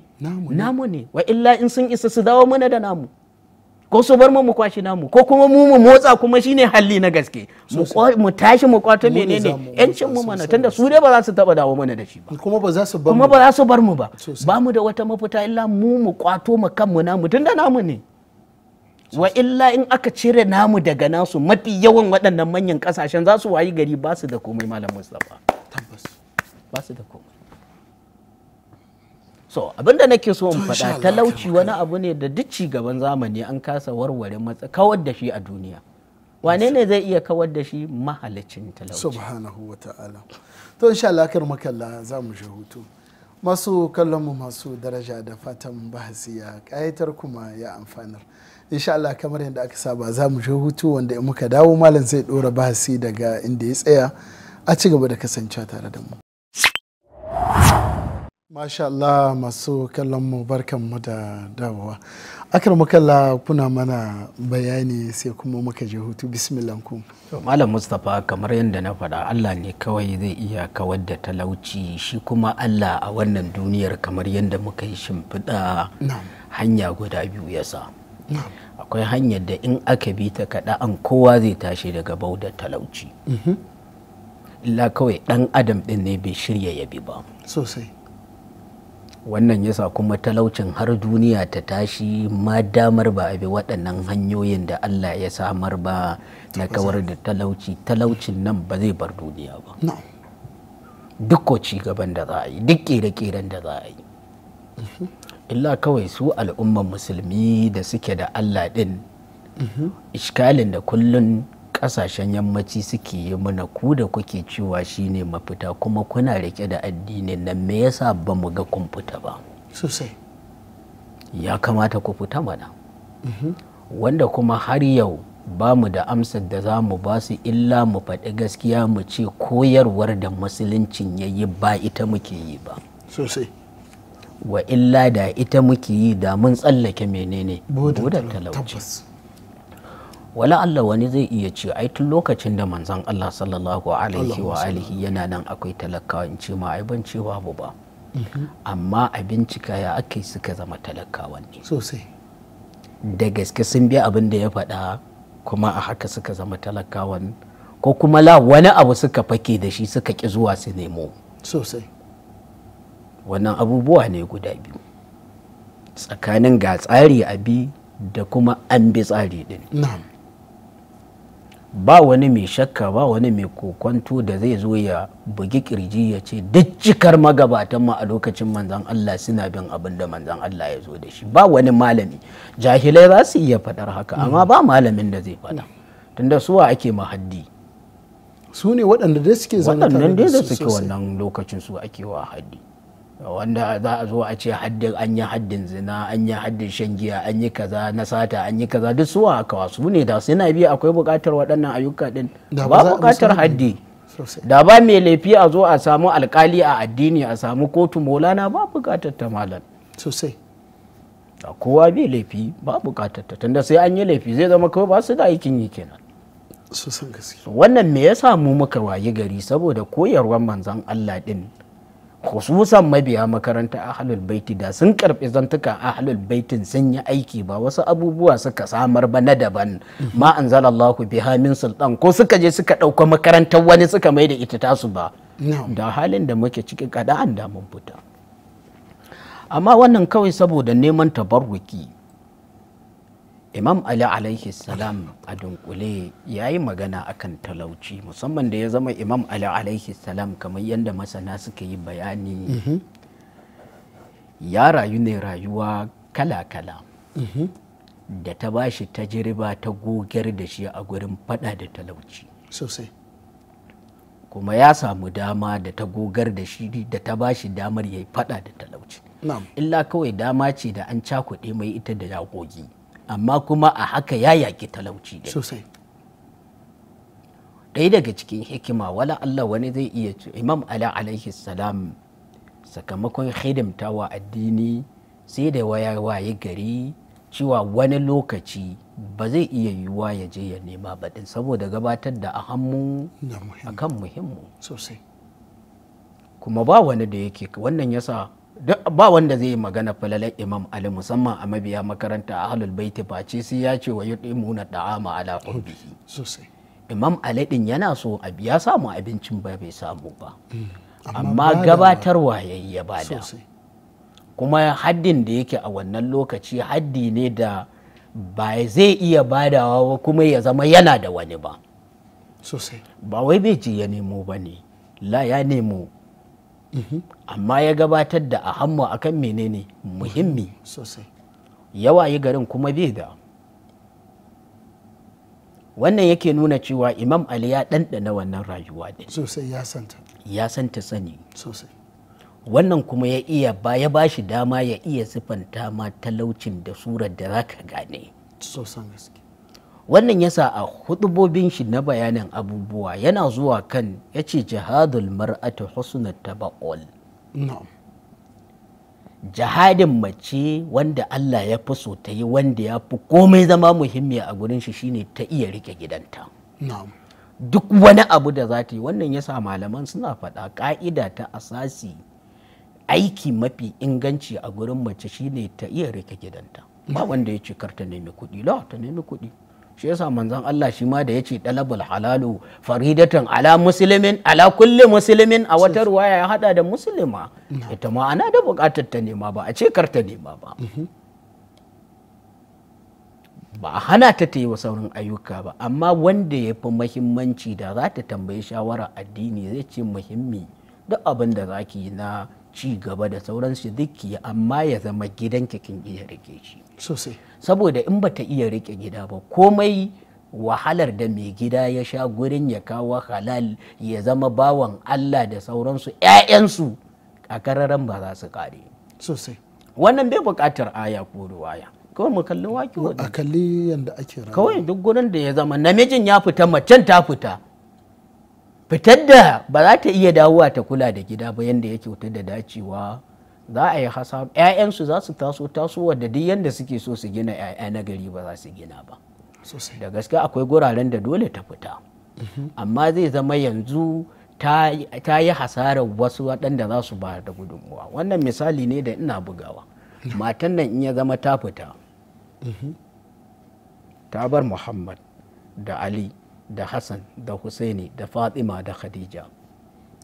namu ne wa illa in sun isa su dawo mana da namu ko su bar mu mu kwashi namu ko kuma mu mu motsa kuma shine halli na gaske mu tashi mu kwato menene yancin mu mana tunda su dai ba za su taba dawo mana da shi ba kuma ba za su bar kuma ba za su bar mu ba ba mu da wata mafita illa mu mu kwato mu kanmu namu tunda namu ne wa illa in aka cire namu daga nasu mafi yawan waɗannan manyan kasashen za su wayi gari ba su da komai malam Mustapha tabbas ba su da komai so abinda nake so in faɗa talauci wani abu ne da duk ci gaban zamani an kasa warware matsa kawar da shi a duniya wane ne zai iya kawar da shi mahalicin talauci subhanahu wa ta'ala to insha Allah kar makalla za mu shi hutu masu kallon mu masu daraja da fatan bahasi ya kayatar kuma ya amfanar insha Allah kamar yadda aka saba za mu je hutu wanda in muka dawo malam zai dora bahasi daga inda ya tsaya a ci gaba da kasancewa tare da mu Masha Allah masu kallonmu barkanmu da dawowa. Akar kalla kuna mana bayani sai kuma muka je hutu bismillah ku. Malam Mustapha kamar yadda na faɗa Allah ne kawai zai iya kawar da talauci shi kuma Allah a wannan duniyar kamar yadda muka yi shimfiɗa hanya guda biyu ya sa. Akwai hanyar da in aka bi ta kaɗa an kowa zai tashi daga bauda talauci. Mhm. Illa kawai ɗan adam ɗin ne bai shirya ya bi ba. Sosai. wannan yasa kuma talaucin har duniya ta tashi ma damar ba a bi waɗannan hanyoyin da Allah ya samar ba na kawar da talauci talaucin nan ba zai bar duniya ba duk ko gaban da za a yi duk ƙere-ƙeren da za a yi mhm. illa kawai su al'umman musulmi da suke da Allah ɗin mhm. ishkalin da kullun kasashen yammaci suke yi mana ku da kuke cewa shine mafita kuma kuna rike da addinin nan me yasa ba mu ga kun fita ba sosai ya kamata ku fita mana mm-hmm. wanda kuma har yau ba mu da amsar da za mu ba su illa mu faɗi gaskiya mu ce koyarwar da musuluncin ya yi ba ita muke yi ba sosai wa illa da ita muke yi da mun tsallake menene budar talauci wala Allah wani zai iya ce ai tun lokacin da manzon Allah sallallahu alaihi wa alihi yana nan akwai talakawa in ce ma ai ban ce babu ba mhm. amma a bincika ya ake suka zama talakawan ne sosai da gaske sun bi abin da ya faɗa kuma a haka suka zama talakawan ko kuma la wani abu suka fake da shi suka ki zuwa su nemo sosai wannan abubuwa ne guda biyu tsakanin ga tsari a bi da kuma an bi tsari din na'am ba wani mai shakka ba wani mai kokwanto da zai zo ya bugi kirji ya ce duk cikar magabatan ma a lokacin manzan Allah suna bin abin da manzan Allah ya zo da shi ba wani malami jahilai za su iya faɗar haka amma ba malamin da zai faɗa tunda suwa ake mahaddi su ne waɗanda da suke zanatar da su wannan lokacin su ake wa haddi wanda za a zo a ce haddin an yi haddin zina an yi haddin shan giya an yi kaza na sata an yi kaza duk suwa aka wasu ne da suna biya akwai buƙatar waɗannan ayyuka din ba buƙatar haddi da ba mai laifi a zo a samu alkali a addini a samu kotu molana ba buƙatar ta malam sosai a kowa bai laifi ba buƙatar ta tunda sai an yi laifi zai zama kawai ba su da aikin yi kenan wannan me ya samu muka wayi gari saboda koyarwar manzon Allah din khususan mabiya makaranta ahlul baiti da sun karbi zantuka ahlul baitin sun yi aiki ba wasu abubuwa suka samar ba na daban ma anzalallahu biha min sultan ko suka je suka ɗauko makarantar wani suka mai da ita tasu ba da halin da muke cikin kada an damun fita amma wannan kawai saboda neman tabarruki imam ali alaihi salam a dunkule ya yi magana akan talauci musamman da ya zama imam ali alaihi salam kamar yadda masana suka yi bayani mhm. ya rayu ne rayuwa kala-kala mhm. da ta ba shi tajiriba ta gogar da shi a gurin fada da talauci sosai kuma ya samu dama da ta gogar da shi da ta ba shi damar ya yi fada da talauci illa kawai dama ce da an cakuɗe mai ita da jagogi amma kuma a haka ya yaki talauci da sosai ɗaya daga cikin hikima wala Allah wani zai iya ce imam ala alaihi salam sakamakon hidimtawa addini sai da waye gari cewa wani lokaci ba zai iya yiwuwa ya je ya nema ba din saboda gabatar da ahammu akan muhimmu sosai kuma ba wani da yake wannan yasa ba wanda zai yi magana falalar imam ali musamman a mabiya makaranta a halul baiti ba ce sai ya ce wa yudimuna da'ama ala ma imam ali ɗin yana so a biya samu abincin ba bai samu ba hmm. amma gabatarwa yayi ya bada kuma haddin da yake a wannan lokaci haddi ne da ba zai iya badawa kuma ya zama yana da wani ba ba wai bai ji ya nemo ba ne la ya nemo amma ya gabatar da ahammu akan menene muhimmi sosai yawa yi garin kuma bai da wannan yake nuna cewa imam ali ya ɗanɗana wannan rayuwa ɗin sosai ya santa ya santa sani sosai wannan kuma ya iya ba ya ba shi dama ya iya siffanta ma talaucin da surar da za ka gane sosan wannan yasa a hudubobin shi na bayanin abubuwa yana zuwa kan ya ce jihadul mar'atu husnul tabaqul jihadin mace wanda Allah ya fi so ta yi wanda ya fi komai zama muhimmiya a gurin shi shine ta iya rike gidanta duk wani abu da za ta yi wannan yasa malaman suna faɗa ka'ida ta asasi aiki mafi inganci a gurin mace shine ta iya rike gidanta ba wanda ya ce kar ta nemi kuɗi la ta nemi kuɗi shi yasa manzon Allah shi ma da yace dalabul halalu faridatan ala muslimin ala kulli muslimin a wata ruwaya ya hada da muslima ita ma ana da bukatar ta nema ba a ce kar ta nema ba mhm. ba a hana ta ta yi wa saurin ayyuka ba amma wanda ya fi muhimmanci da za ta tambayi shawara addini zai ce muhimmi duk abin da za yi na ci gaba da sauransu dukki amma ya zama gidan kin iya rike shi sosai saboda in ba ta iya rike gida ba komai wahalar da mai gida ya sha gurin ya kawo halal ya zama bawan Allah da sauransu 'ya'yansu a kararan ba za su kare sosai wannan bai buƙatar aya ko ruwaya kawai mu kalli waki a kalli yadda ake kawai duk gurin da ya zama namijin ya fita macen ta fita fitar da ba za ta iya dawowa ta kula da gida ba yadda yake wuta da dacewa za a yi hasa 'ya'yansu za su taso taso da duk yadda suke so su gina 'ya'ya na gari ba za su gina ba da gaske akwai guraren da dole ta fita mhm. amma zai zama yanzu ta yi hasarar wasu waɗanda za su ba da gudunmuwa wannan misali ne da ina bugawa mhm. matan nan in ya zama ta fita mhm. ta bar muhammad da ali da hassan da husaini da fatima da khadija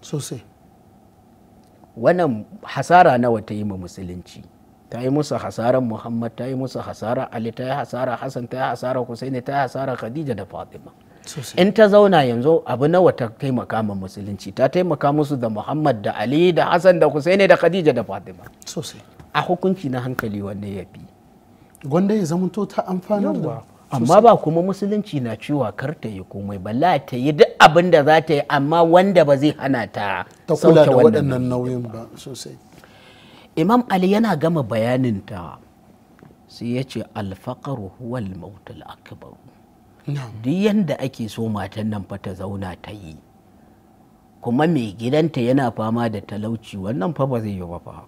sosai wannan hasara nawa ta yi ma musulunci ta yi musu hasarar muhammad ta yi musu hasarar ali ta yi hasarar hassan ta yi hasarar husaini ta yi hasarar khadija da fatima in ta zauna yanzu abu nawa ta taimaka ma musulunci ta taimaka musu da muhammad da ali da hassan da husaini da khadija da fatima sosai a hukunci na hankali wanda ya fi gwanda ya zamanto ta amfanar da amma ba kuma musulunci na cewa kar ta yi komai la ta yi duk abin da za ta yi amma wanda ba zai hana ta sauke kula waɗannan nauyin ba sosai imam ali yana gama bayanin ta sai ya ce alfaƙaru huwal mautul akbar duk yanda ake so matan nan fa ta zauna ta yi kuma mai gidanta yana fama da talauci wannan fa ba zai yi ba fa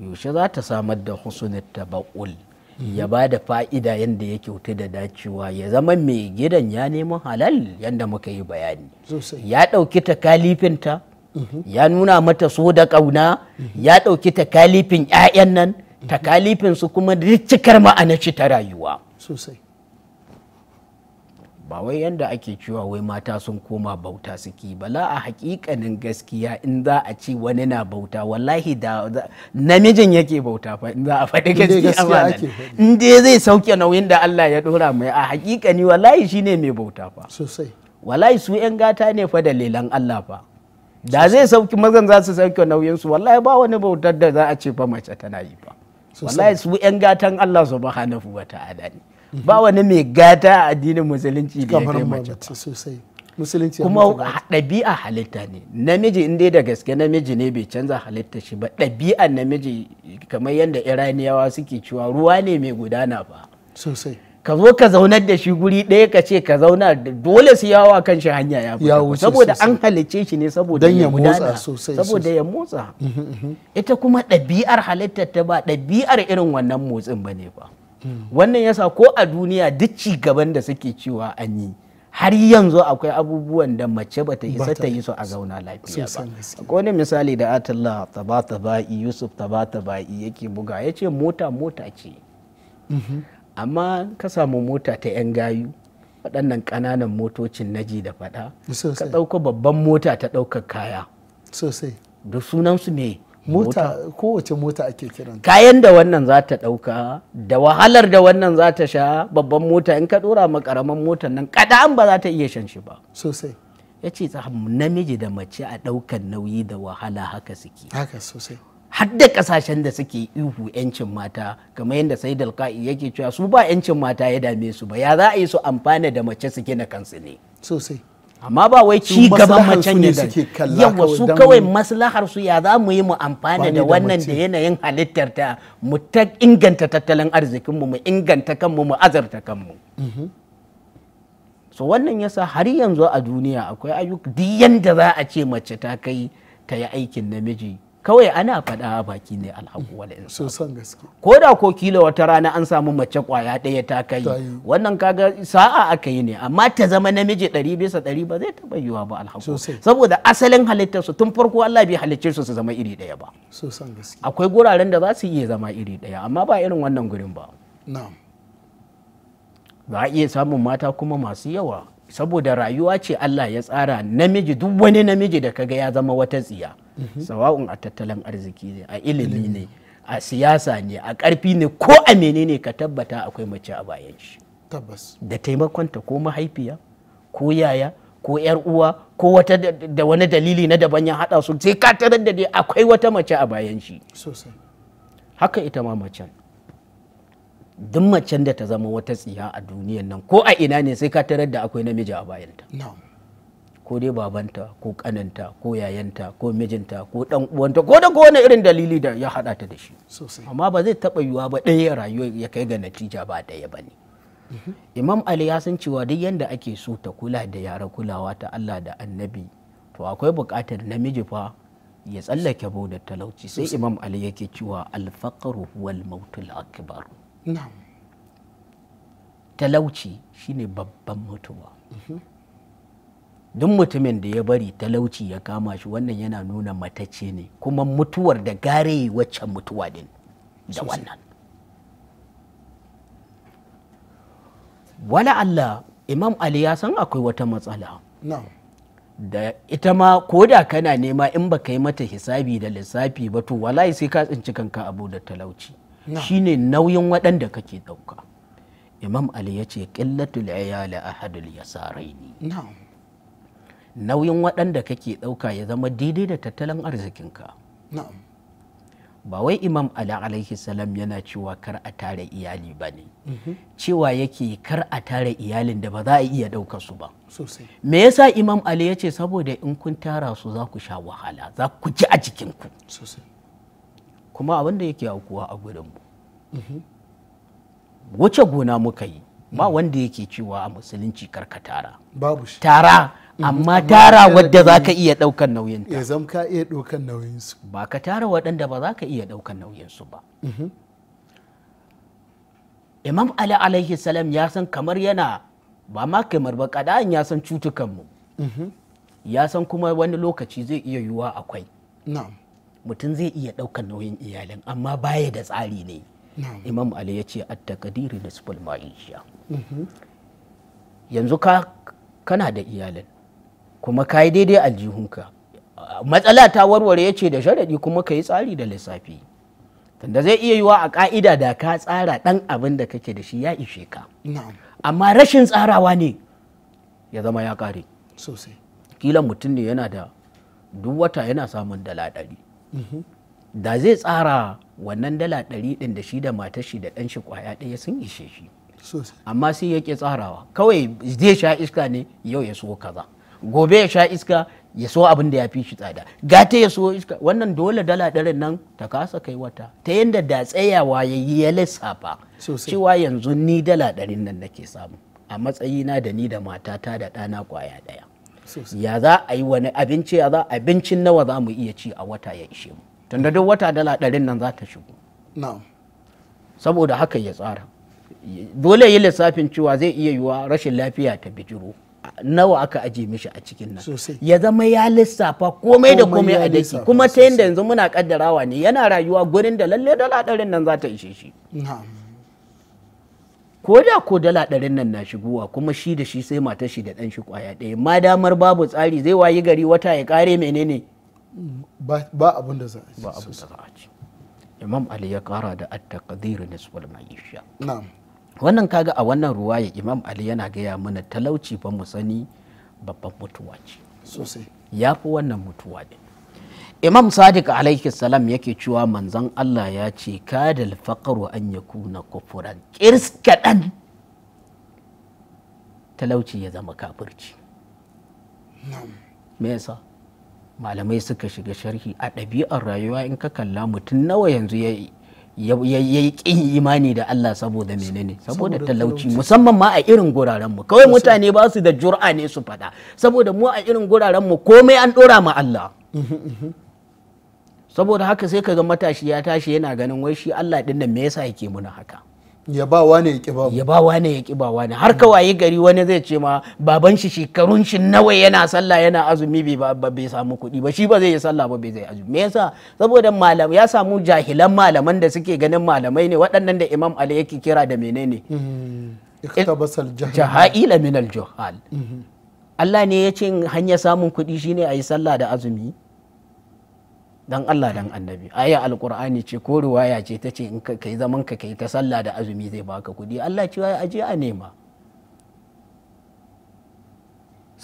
yaushe za ta samar da husunin taba'ul ya ba da fa'ida yadda ya kyautu da dacewa ya zama mai gidan ya neman halal yadda muka yi bayani ya ɗauki ta mhm. ya nuna mata so da ƙauna mhm. ya ɗauki takalifin 'ya'yan nan mhm. takalifin su kuma da cikar ma'anaci ta rayuwa sosai ba wai yanda ake cewa wai mata sun koma bauta suke bala a hakikanin gaskiya in za a ce wani na bauta wallahi da namijin yake bauta fa in za a faɗi gaskiya in dai zai sauke nauyin da Allah ya dora mai a hakikani wallahi shine mai bauta fa sosai wallahi su yan gata ne fa da lelan Allah fa da zai sauki mazan za su sauke nauyin su wallahi ba wani bautar da za a ce fa mace tana yi fa wallahi su yan gatan Allah subhanahu wa ta'ala ne ba wani mai gata a addinin musulunci da ya kai mace kuma ɗabi'a halitta ne namiji in dai da gaske namiji ne bai canza halitta shi ba ɗabi'a namiji kamar yadda iraniyawa suke cewa ruwa ne mai gudana ba sosai ka zo ka zaunar da shi guri ɗaya ka ce ka zauna dole su yawa kan shi hanya ya fi saboda an halicce shi ne saboda ya motsa saboda ya motsa ita kuma ɗabi'ar halittar ta ba ɗabi'ar irin wannan motsin ba ne ba wannan yasa ko a duniya duk ci gaban da suke cewa an yi har yanzu akwai abubuwan da mace bata isa ta yi su a zauna lafiya ba akwai wani misali da tabata ba'i yusuf ba'i yake buga ya ce mota mota ce mhm. amma ka samu mota ta 'yan gayu waɗannan ƙananan motocin naji da faɗa ka ɗauka babban mota ta ɗaukar kaya sosai da sunansu ne mota kowace mota ake kiran kayan da wannan za ta ɗauka da wahalar da wannan za ta sha babban mota in ka dora ma karaman motan nan kaɗan ba za ta iya shan shi ba sosai ya ce namiji da mace a ɗaukan nauyi da wahala haka suke haka sosai har da kasashen da suke ihu yancin mata kamar yadda sai dalka'i yake cewa su ba yancin mata ya dame su ba ya za a yi su amfana da mace su gina kansu ne sosai amma ba wai ci gaban macen ya yawa su kawai maslahar su ya za mu yi mu amfana da wannan da yanayin halittar ta mu ta inganta tattalin arzikin mu mu inganta kanmu mu azarta kanmu mhm. so wannan yasa har yanzu a duniya akwai ayyuka duk yanda za a ce mace ta kai ta yi aikin namiji kawai ana faɗa a baki ne alhaku wal ko da ko kila wata rana an samu mace kwaya ɗaya ta kai wannan kaga sa'a aka yi ne amma ta zama namiji ɗari bisa ɗari ba zai taɓa yiwa ba alhaku saboda asalin halittar su tun farko Allah bai halicce su su zama iri ɗaya ba akwai guraren da za su iya zama iri ɗaya amma ba irin wannan gurin ba na'am za a iya samun mata kuma masu yawa saboda rayuwa ce Allah ya tsara namiji duk wani namiji da kaga ya zama wata tsiya mhm. sawa'un a tattalin arziki ne a ilimi ne a siyasa ne a ƙarfi ne ko a menene ka tabbata akwai mace a bayan shi tabbas da taimakonta ko mahaifiya ko yaya ko yar uwa ko wata da wani dalili na daban ya haɗa su sai ka tarar da dai akwai wata mace a bayan shi sosai haka ita ma macen duk macen da ta zama wata tsiya a duniyan nan ko a ina ne sai ka tarar da akwai namiji a bayanta ko dai babanta ko kananta ko yayanta ko mijinta ko dan uwanta ko da kowane irin dalili da ya hada ta da shi amma ba zai taba yiwa ba ɗaya rayuwa ya kai ga natija ba ɗaya ba ne mm-hmm. imam ali ya san cewa duk yanda ake so ta kula da yara kulawa ta allah da annabi to akwai buƙatar namiji fa ya tsallake da talauci sai imam ali yake cewa alfaqaru wal mautul akbar talauci shine babban mutuwa duk mutumin da ya bari talauci ya kama shi wannan yana nuna matace ne kuma mutuwar da gare waccan mutuwa din da wannan wala Allah imam Ali ya san akwai wata matsala da ita ma ko da kana nema in baka yi mata hisabi da lissafi ba to wallahi sai ka tsinci kanka abu da talauci shine nauyin waɗanda kake ɗauka imam ali ya ce ƙillatul iyali ahadul yasaraini nauyin waɗanda kake ɗauka ya zama daidai da tattalin arzikinka ba wai imam ali alaihi salam yana cewa kar a tare iyali ba ne mhm. cewa yake kar a tare iyalin da ba za a iya ɗauka su ba me yasa imam ali ya ce saboda in kun tara su za ku sha wahala za ku ji a jikinku kuma abin da yake aukuwa a gurinmu mm-hmm. wuce gona muka yi ba wanda yake cewa a musulunci karka tara babu shi tara mm-hmm. amma tara wadda za ka iya ɗaukan nauyin ta zam ka iya daukan nauyin su ba ka tara waɗanda ba za ka iya ɗaukan nauyin su ba mm-hmm. imam ali alaihi salam ya san kamar yana ba ma kamar ba kadan ya san cutukanmu ya san kuma wani lokaci zai iya yiwuwa akwai na'am mutum zai iya ɗaukan nauyin iyalin amma baya da tsari ne imam ali ya ce attakadiri na sufal ma'isha mhm. yanzu ka kana da iyalin kuma ka yi daidai aljihunka matsala ta warware ya ce da sharaɗi kuma ka yi tsari da lissafi tunda zai iya yiwa a ka'ida da ka tsara ɗan abin da kake da shi ya ishe ka amma rashin tsarawa ne ya zama ya ƙare sosai kila mutum ne yana da duk wata yana samun dala ɗari da zai tsara wannan dala ɗari ɗin da shi da matar shi da ɗan shi kwaya ɗaya sun ishe shi amma sai yake tsarawa kawai zai sha iska ne yau ya so kaza gobe ya sha iska ya so abin da ya fi shi tsada gata ya so iska wannan dole dala ɗarin nan ta kasa kai wata ta yadda da tsayawa ya yi ya lissafa cewa yanzu ni dala ɗarin nan nake samu a matsayina da ni da matata da ɗana kwaya ɗaya ya za a yi wani abinci ya za abincin nawa za mu iya ci a wata ya ishe mu tunda duk wata dala ɗarin nan za ta shigo saboda haka ya tsara dole yi lissafin cewa zai iya yiwa rashin lafiya ta bijiro nawa aka aje mishi a cikin nan ya zama ya lissafa komai da komai a daki kuma ta yadda yanzu muna kaddarawa ne yana rayuwa gurin da lalle dala ɗarin nan za ta ishe shi ko da ko dala ɗarin nan na shigowa kuma shi da shi sai matar shi da ɗan shi kwaya ɗaya ma damar babu tsari zai wayi gari wata ya ƙare menene ba abin da za a ci imam ali ya ƙara da at-taqdir nisbul ma'isha na'am wannan kaga a wannan ruwaya imam ali yana gaya mana talauci ba mu sani babban mutuwa ce sosai ya fi wannan mutuwa ne imam sadiq alaihi salam yake cewa manzon allah ya ce kada alfaqaru an yakuna kufuran kirs kaɗan talauci ya zama kafirci me yasa malamai suka shiga sharhi a ɗabi'ar rayuwa in ka kalla mutum nawa yanzu ya yi kin imani da Allah saboda menene saboda talauci musamman ma a irin guraren mu kawai mutane ba su da jur'a ne su faɗa saboda mu a irin guraren mu komai an ɗora ma Allah mhm, mhm. saboda haka sai ka ga matashi ya tashi yana ganin wai shi Allah din nan me yasa yake muna haka ya ba wani ya ki ba ya ba wani ya ki ba wani har ka waye gari wani zai ce ma baban shi shekarun shi nawa yana sallah yana azumi bai bai samu kuɗi ba shi ba zai yi sallah ba bai zai azumi me yasa saboda malam ya samu jahilan malaman da suke ganin malamai ne waɗannan da Imam Ali yake kira da menene mm-hmm. iktabasal jahila min al-juhal mm-hmm. Allah ne ya ce hanya samun kuɗi shine ayi sallah da azumi dan Allah dan annabi aya alqur'ani ce ko riwaya ce ta ce in ka kai zaman ka kai ta sallah da azumi zai baka kudi Allah ce ya aje a nema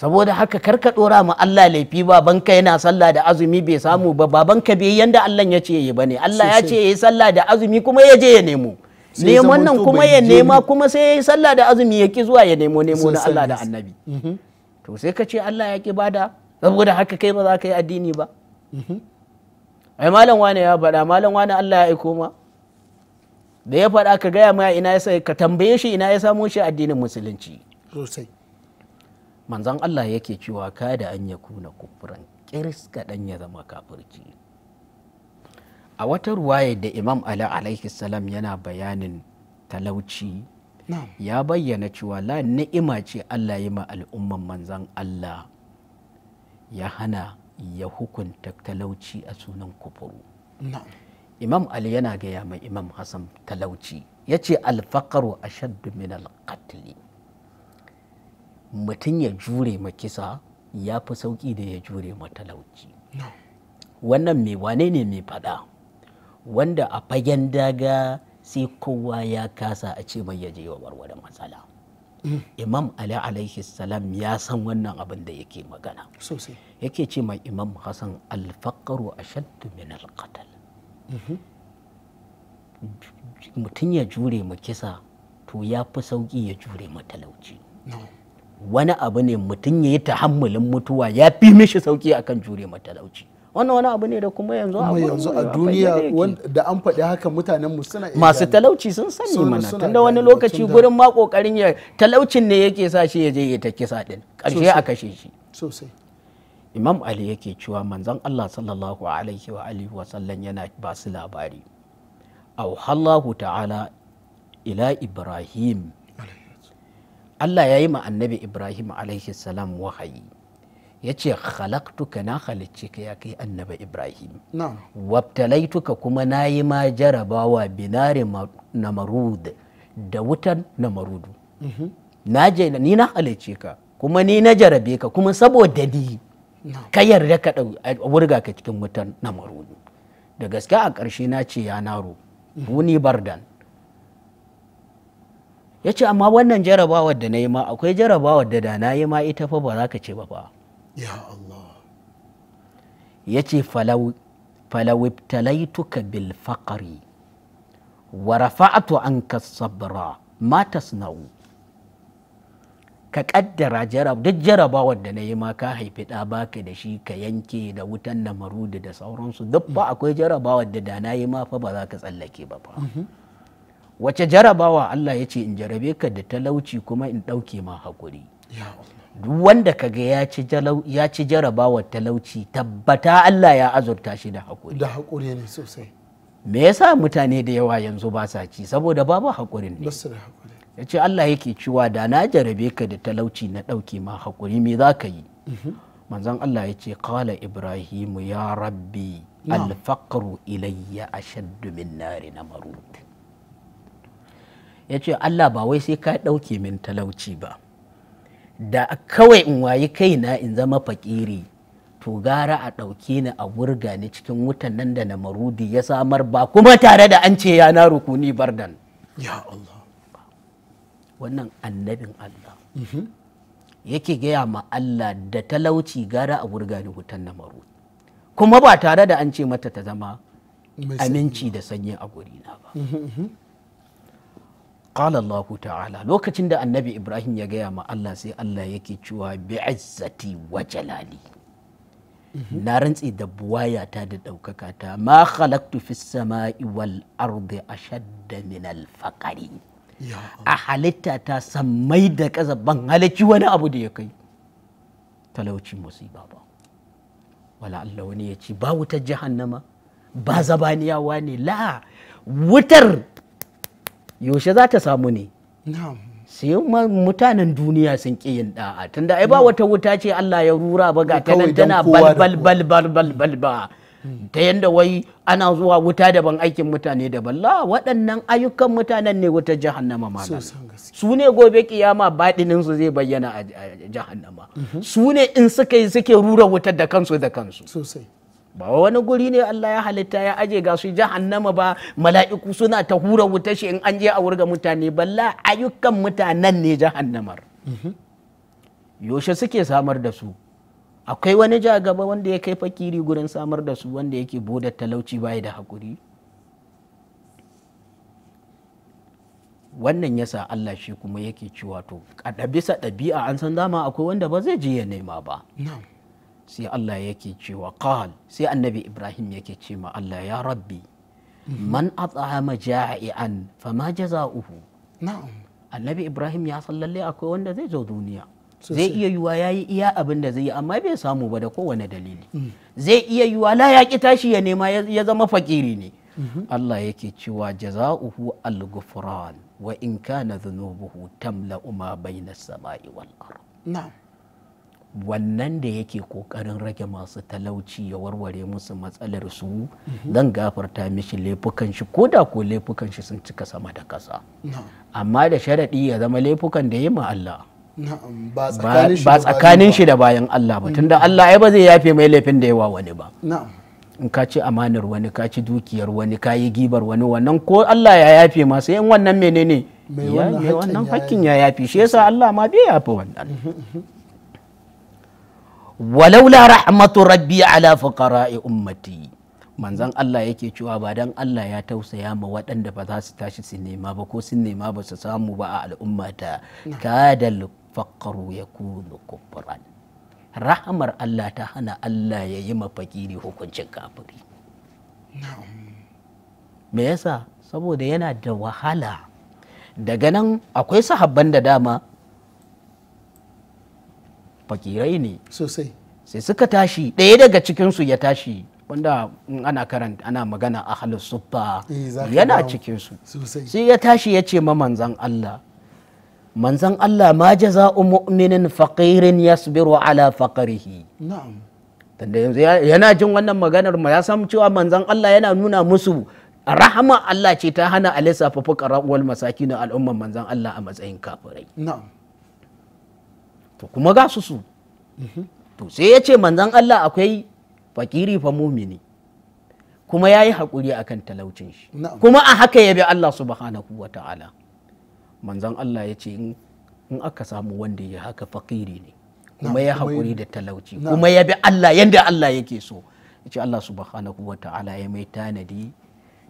saboda haka kar ka dora ma Allah laifi ba babanka yana sallah da azumi bai samu ba babanka bai yanda Allah ya ce yayi bane Allah ya ce yi sallah da azumi kuma ya je ya nemo neman nan kuma ya nema kuma sai ya yi sallah da azumi ya ki zuwa ya nemo nemo na Allah da annabi mhm. to sai ka ce Allah ya ki bada saboda haka kai ba za ka yi addini ba mhm. ai malam wane ya faɗa malam wane Allah ya aiko ma da ya faɗa ka gaya ma ina ya ka tambaye shi ina ya samo shi addinin musulunci sosai manzon Allah yake cewa kada an ya kuna kufran kiris kaɗan ya zama kafirci a wata ruwaya da imam ali alaihi salam yana bayanin talauci ya bayyana cewa la ni'ima ce Allah ya ma al'umman manzon Allah ya hana ya hukunta talauci a sunan kufuru imam ali yana gaya mai imam hassan talauci ya ce alfakaru a shaddu min alƙatli mutum ya jure ma kisa ya fi sauƙi da ya jure ma talauci wannan mai wane ne mai faɗa wanda a fagen daga sai kowa ya kasa a ce mai yaje wa da matsala mm. imam ali alaihi salam ya san wannan abin da yake magana sosai yake ce mai imam hassan a shaddu min alkatal mhm. mutum ya jure mu kisa to ya fi sauki ya jure ma talauci wani abu ne mutum ya yi tahammulin mutuwa ya fi mishi sauki akan jure ma talauci wannan wani abu ne da kuma yanzu a yanzu a duniya da an faɗi haka mutanen mu suna masu talauci sun sani mana tunda wani lokaci gurin ma kokarin ya talaucin ne yake sa shi ya je ya ta kisa din ƙarshe a kashe shi sosai imam ali yake cewa manzon allah sallallahu alaihi wa alihi wa sallam yana ba su labari auhallahu ta'ala ila ibrahim allah ya yi ma annabi ibrahim alaihi salam wahayi ya ce khalaqtuka na halicce ka ya kai annabi ibrahim wabtalaituka kuma na yi ma jarabawa binari namarud da wutan namarudu mhm. ni na halicce ka kuma ni na jarabe ka kuma saboda ni ka yarda ka ɗau wurga ka cikin wutar na maruni da gaske a ƙarshe na ce ya naro wuni bardan ya ce amma wannan jarabawar da na yi ma akwai jarabawar da da na yi ma ita fa ba za ka ce ba ba ya Allah ya ce falawibtalaituka bil faqari wa rafa'atu anka sabra ma tasna'u ka kaddara jarab duk jarabawar da na yi ma ka haifi ɗa baka da shi ka yanke da wutan na marudi da sauransu duk ba akwai jarabawar da da na yi ma fa ba za ka tsallake ba fa mhm. wace jarabawa Allah ya ce in jarabe ka da talauci kuma in ɗauke ma hakuri duk wanda ka ga ya ci jarabawar talauci tabbata Allah ya azurta shi da haƙuri da hakuri ne sosai me yasa mutane da yawa yanzu ba sa ci saboda babu hakurin ne ya ce Allah yake cewa da na jarabe ka da talauci na ɗauke ma hakuri me za ka yi mhm. manzon Allah ya ce kala ibrahimu ya rabbi alfaqru ilayya shaddu min nari na marut ya ce Allah ba wai sai ka ɗauke min talauci ba da kawai in wayi kaina in zama faƙiri to gara a ɗauke ni a wurga ni cikin wutan nan da na marudi ya samar ba kuma tare da an ce ya na rukuni bardan ya Allah wannan annabin Allah mhm. yake gaya ma Allah da talauci gara a wurga ni hutan na kuma ba tare da an ce mata ta zama aminci da sanyi a gurina ba mhm, mhm. qala ta'ala lokacin da annabi Ibrahim ya gaya ma Allah sai Allah yake cewa bi'izzati wa jalali na rantse da buwaya ta da ɗaukaka ta ma khalaqtu fis sama'i wal ardi ashadda min al faqari a halitta ta sammai da ƙasa ban halacci wani abu da ya kai talauci musiba ba wala Allah wani ya ci ba wutar jahannama ba zabaniyawa ne la wutar yaushe za ta samu ne sai mutanen duniya sun ƙi yin da'a tunda ai ba wata wuta ce Allah ya rura ba ga tana balbal balbal balbal ba ta yadda wai ana zuwa wuta daban aikin mutane daban la waɗannan ayyukan mutanen ne wuta jahannama ma su ne gobe kiyama baɗinin su zai bayyana a jahannama mhm. su ne in suka yi suke rura wutar da kansu da kansu ba wani guri ne Allah ya halitta ya aje ga su jahannama ba mala'iku suna ta hura wuta shi in an je a wurga mutane balla ayyukan mutanen ne jahannamar mhm. yaushe suke samar da su akwai wani ja gaba wanda ya kai fakiri gurin samar da su wanda yake bodar talauci baya da hakuri. wannan yasa Allah shi kuma yake cewa to a bisa ɗabi'a an san dama akwai wanda ba zai je ya nema ba sai Allah yake cewa qal sai annabi Ibrahim yake ce ma Allah ya rabbi mhm. man at'ama ja'ian fama jaza'uhu na'am annabi Ibrahim ya san akwai wanda zai zo duniya zai iya yiwa ya yi iya abin da zai yi amma bai samu ba da kowane dalili mm. zai iya yiwa la ya ki tashi ya nema ya zama fakiri ne mm-hmm. Allah yake cewa jaza'uhu al-ghufran wa in kana dhunubuhu tamla umma bayna as-sama'i wal ard wannan da yake kokarin rage masu talauci ya warware musu matsalar su mm-hmm. zan gafarta mishi laifukan shi ko da ko laifukan shi sun cika sama da kasa amma da sharadi ya zama laifukan da yi ma Allah ba tsakanin shi da bayan Allah ba mm. tunda Allah ai ba zai yafe mai laifin da yawa wani ba in ka ci amanar wani ka ci dukiyar wani ka yi gibar wani wannan ko Allah ya yafe ma sai wannan menene mai wannan hakkin ya yafe shi yasa Allah ma bai yafe wannan mm-hmm, mm-hmm. walaula rahmatu rabbi ala fuqara'i ummati manzan Allah yake cewa ba dan Allah ya tausaya ma waɗanda ba za su tashi su nema ba ko sun nema ba su samu ba a al'ummata kadal tafakkaru ya kunu kufuran rahamar Allah ta hana Allah ya yi mafakiri hukuncin kafiri me yasa saboda yana da wahala daga nan akwai sahabban da dama fakirai ne sosai sai suka tashi ɗaya daga cikinsu ya tashi wanda ana karanta ana magana a halin eh, yana cikinsu sai ya tashi ya ce ma manzan Allah manzan Allah ma jaza'u mu'minin faqirin yasbiru ala faqrihi na'am yana jin wannan maganar ma ya samu cewa manzan Allah yana nuna musu rahama Allah ce ta hana a fa fuqara wal masakin al'umman manzan Allah a matsayin kafirai na'am to kuma ga su su mhm. to sai ya ce manzan Allah akwai fakiri fa mumini kuma ya yi haƙuri akan talaucin shi kuma a haka ya bi Allah subhanahu wa ta'ala manzon Allah ya ce in aka samu wanda ya haka fakiri ne kuma ya haƙuri da talauci kuma ya bi Allah yadda Allah yake so ya ce Allah subhanahu wa ta'ala ya mai tanadi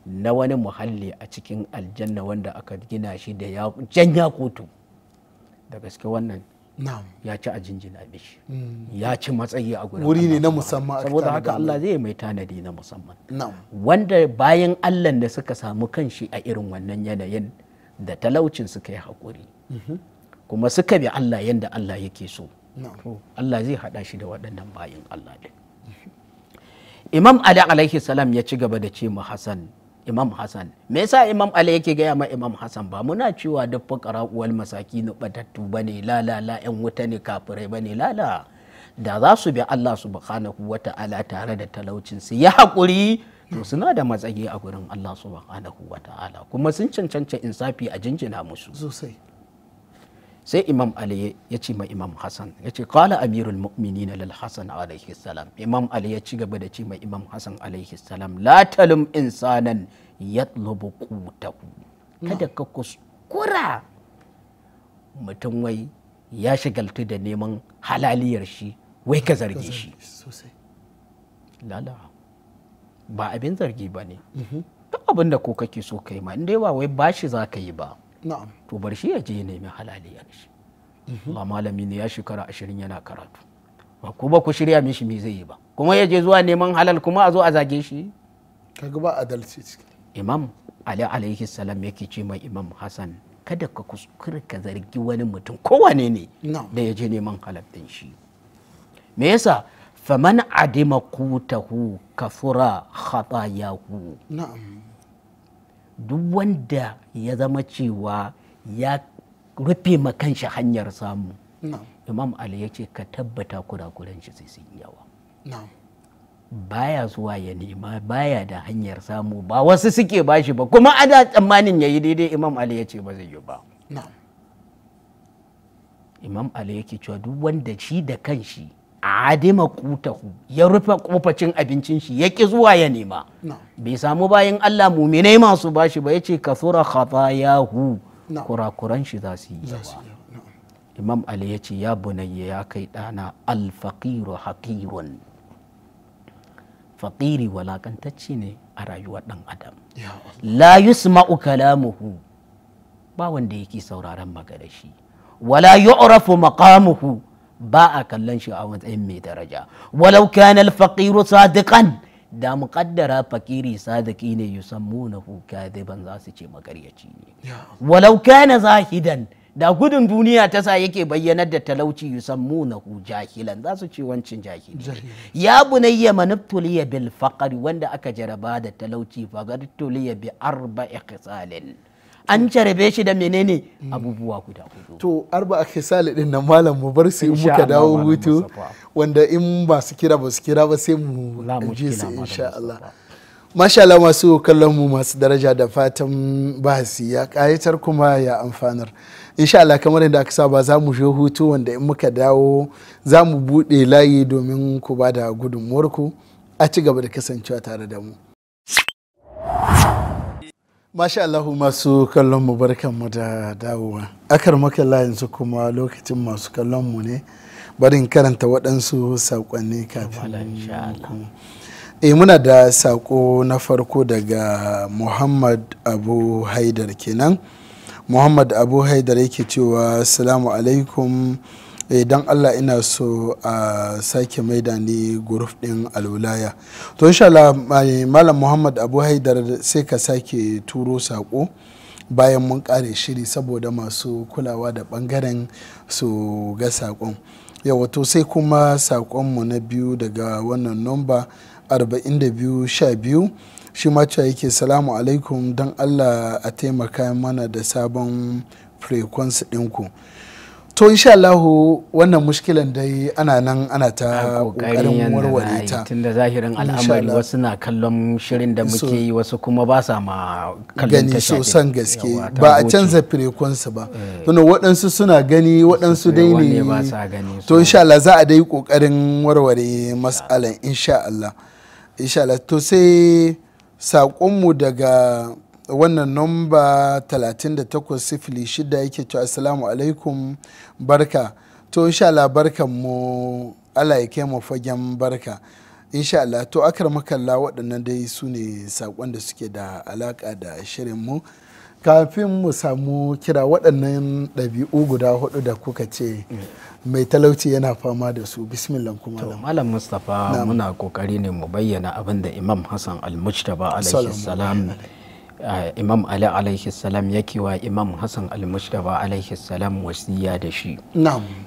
na wani muhalli a cikin aljanna wanda aka gina shi da ya janya kotu. da gaske wannan ya ci a jinjina mishi hmm. ya ci matsayi a gurin wuri ne na musamman saboda haka Allah zai mai tanadi na musamman wanda bayan Allah da suka samu kanshi a irin wannan yanayin da talaucin suka yi haƙuri kuma suka bi Allah yadda Allah yake so Allah zai haɗa shi da waɗannan bayan Allah ɗin imam ali alaihi salam ya ci gaba da ce mu hassan imam hassan me yasa imam ali yake gaya ma imam hassan ba muna cewa duk fakara uwal masaki na batattu bane la la la yan wuta ne kafirai bane la la da za su bi Allah subhanahu ta'ala tare da talaucin su ya haƙuri to suna da matsayi a gurin Allah subhanahu wa ta'ala kuma sun cancanta insafi a jinjina musu sosai sai imam ali ya ce ma imam hassan ya ce kala amirul na lal hassan alaihi salam imam ali ya ci gaba da ce ma imam hassan alaihi salam la talum insanan yatlubu qutahu kada ka kuskura mutum wai ya shagaltu da neman halaliyar shi wai ka zarge shi lala ba abin zargi ba ne mhm. duk abin da ko kake so kai ma inda yawa wai bashi za ka yi ba to bar shi ya je ya nemi halali ya shi mhm. ba malami ne ya shekara ashirin yana karatu ba ku ba ku shirya mishi me zai yi ba kuma ya je zuwa neman halal kuma a zo a zage shi kaga ba adalci imam ali alaihi salam yake ce mai imam hasan kada ka kuskure ka zargi wani mutum kowane ne da ya je neman halal din shi me yasa faman adima kutahu kafura ya hu. duk wanda ya zama cewa ya rufe ma kanshi hanyar samu imam ali ya ce ka tabbata kurakuran shi sai yi yawa baya zuwa ya nema baya da hanyar samu ba wasu suke bashi ba kuma ada tsammanin ya yi daidai imam ali ya ce ba zai yi ba imam ali yake cewa duk wanda shi da kanshi adima kutahu ya rufe kofacin abincin shi ya ƙi zuwa ya nema bai samu bayan Allah muminai masu bashi ba yace kasura yahu kurakuran shi za su yi imam ali ya ce ya bunayya ya kai ɗana alfaqiru haƙirun faƙiri walakantacci ne a rayuwar ɗan adam la yusma'u kalamuhu ba wanda yake sauraron magana shi wala yu'rafu maqamuhu ba a kallon shi a matsayin mai daraja walau kana al sadiqan da muqaddara fakiri sadiki ne hu kadiban za su ce magariyaci ne walau kana zahidan da gudun duniya ta sa yake bayyanar da talauci hu jahilan za su ce wancin jahili ya bunayya manubtuliya bil faqri wanda aka jaraba da talauci faqad tuliya bi arba'i khisalin an carabe shi da menene mm. abubuwa guda hudu to arba ke sale din nan malam mu bar sai mu muka dawo hutu wanda in ba su kira ba su kira ba sai mu je su insha Allah Masha Allah masu kallon mu masu daraja da fatan bahasi ya kayatar kuma ya amfanar. Insha Allah kamar yadda aka saba za mu je hutu wanda in muka dawo za mu buɗe layi domin ku ba da gudunmuwarku a ci gaba da kasancewa tare da mu. Masha Allahu masu kallon mu mu da dawowa. Akar makalla yanzu kuma lokacin masu kallon mu ne barin karanta waɗansu saƙonni kafin. E muna da saƙo na farko daga Muhammad Abu Haidar kenan. Muhammad Abu Haidar yake cewa Salamu alaikum Eh, don allah ina so a sake maida ni guruf din alwulaya to Allah malam muhammad abu haidar sai ka sake turo sako bayan mun kare shiri saboda masu kulawa da bangaren su ga sakon yawa to sai kuma saƙonmu na biyu daga wannan nomba 4212 shi cewa yake salamu alaikum don allah a taimaka mana da sabon frequency ɗinku. to insha Allah wannan mushkilan dai ana nan ana ta kokarin warware ta tunda zahirin al'amari wasu na kallon shirin da muke yi wasu kuma ba sa ma kallon gani san gaske ba a canza frequency ba eh. tunda waɗansu suna gani waɗansu dai ne to insha Allah za a dai kokarin warware mas'alan insha Allah insha Allah to sai saƙonmu daga wannan nomba 3806 yake cewa assalamu alaikum barka to insha Allah barkan mu Allah ya kai mu fagen barka insha Allah to akar makalla waɗannan dai su ne saƙon da suke da alaƙa da shirin mu kafin mu samu kira waɗannan ɗabi'u guda hudu da kuka ce mai talauci yana fama da su bismillah kuma to malam mustapha muna kokari ne mu bayyana abin da imam hassan al-mujtaba alaihi salam imam ali alaihi salam yake wa imam hassan almustaba alaihi salam wasiya da shi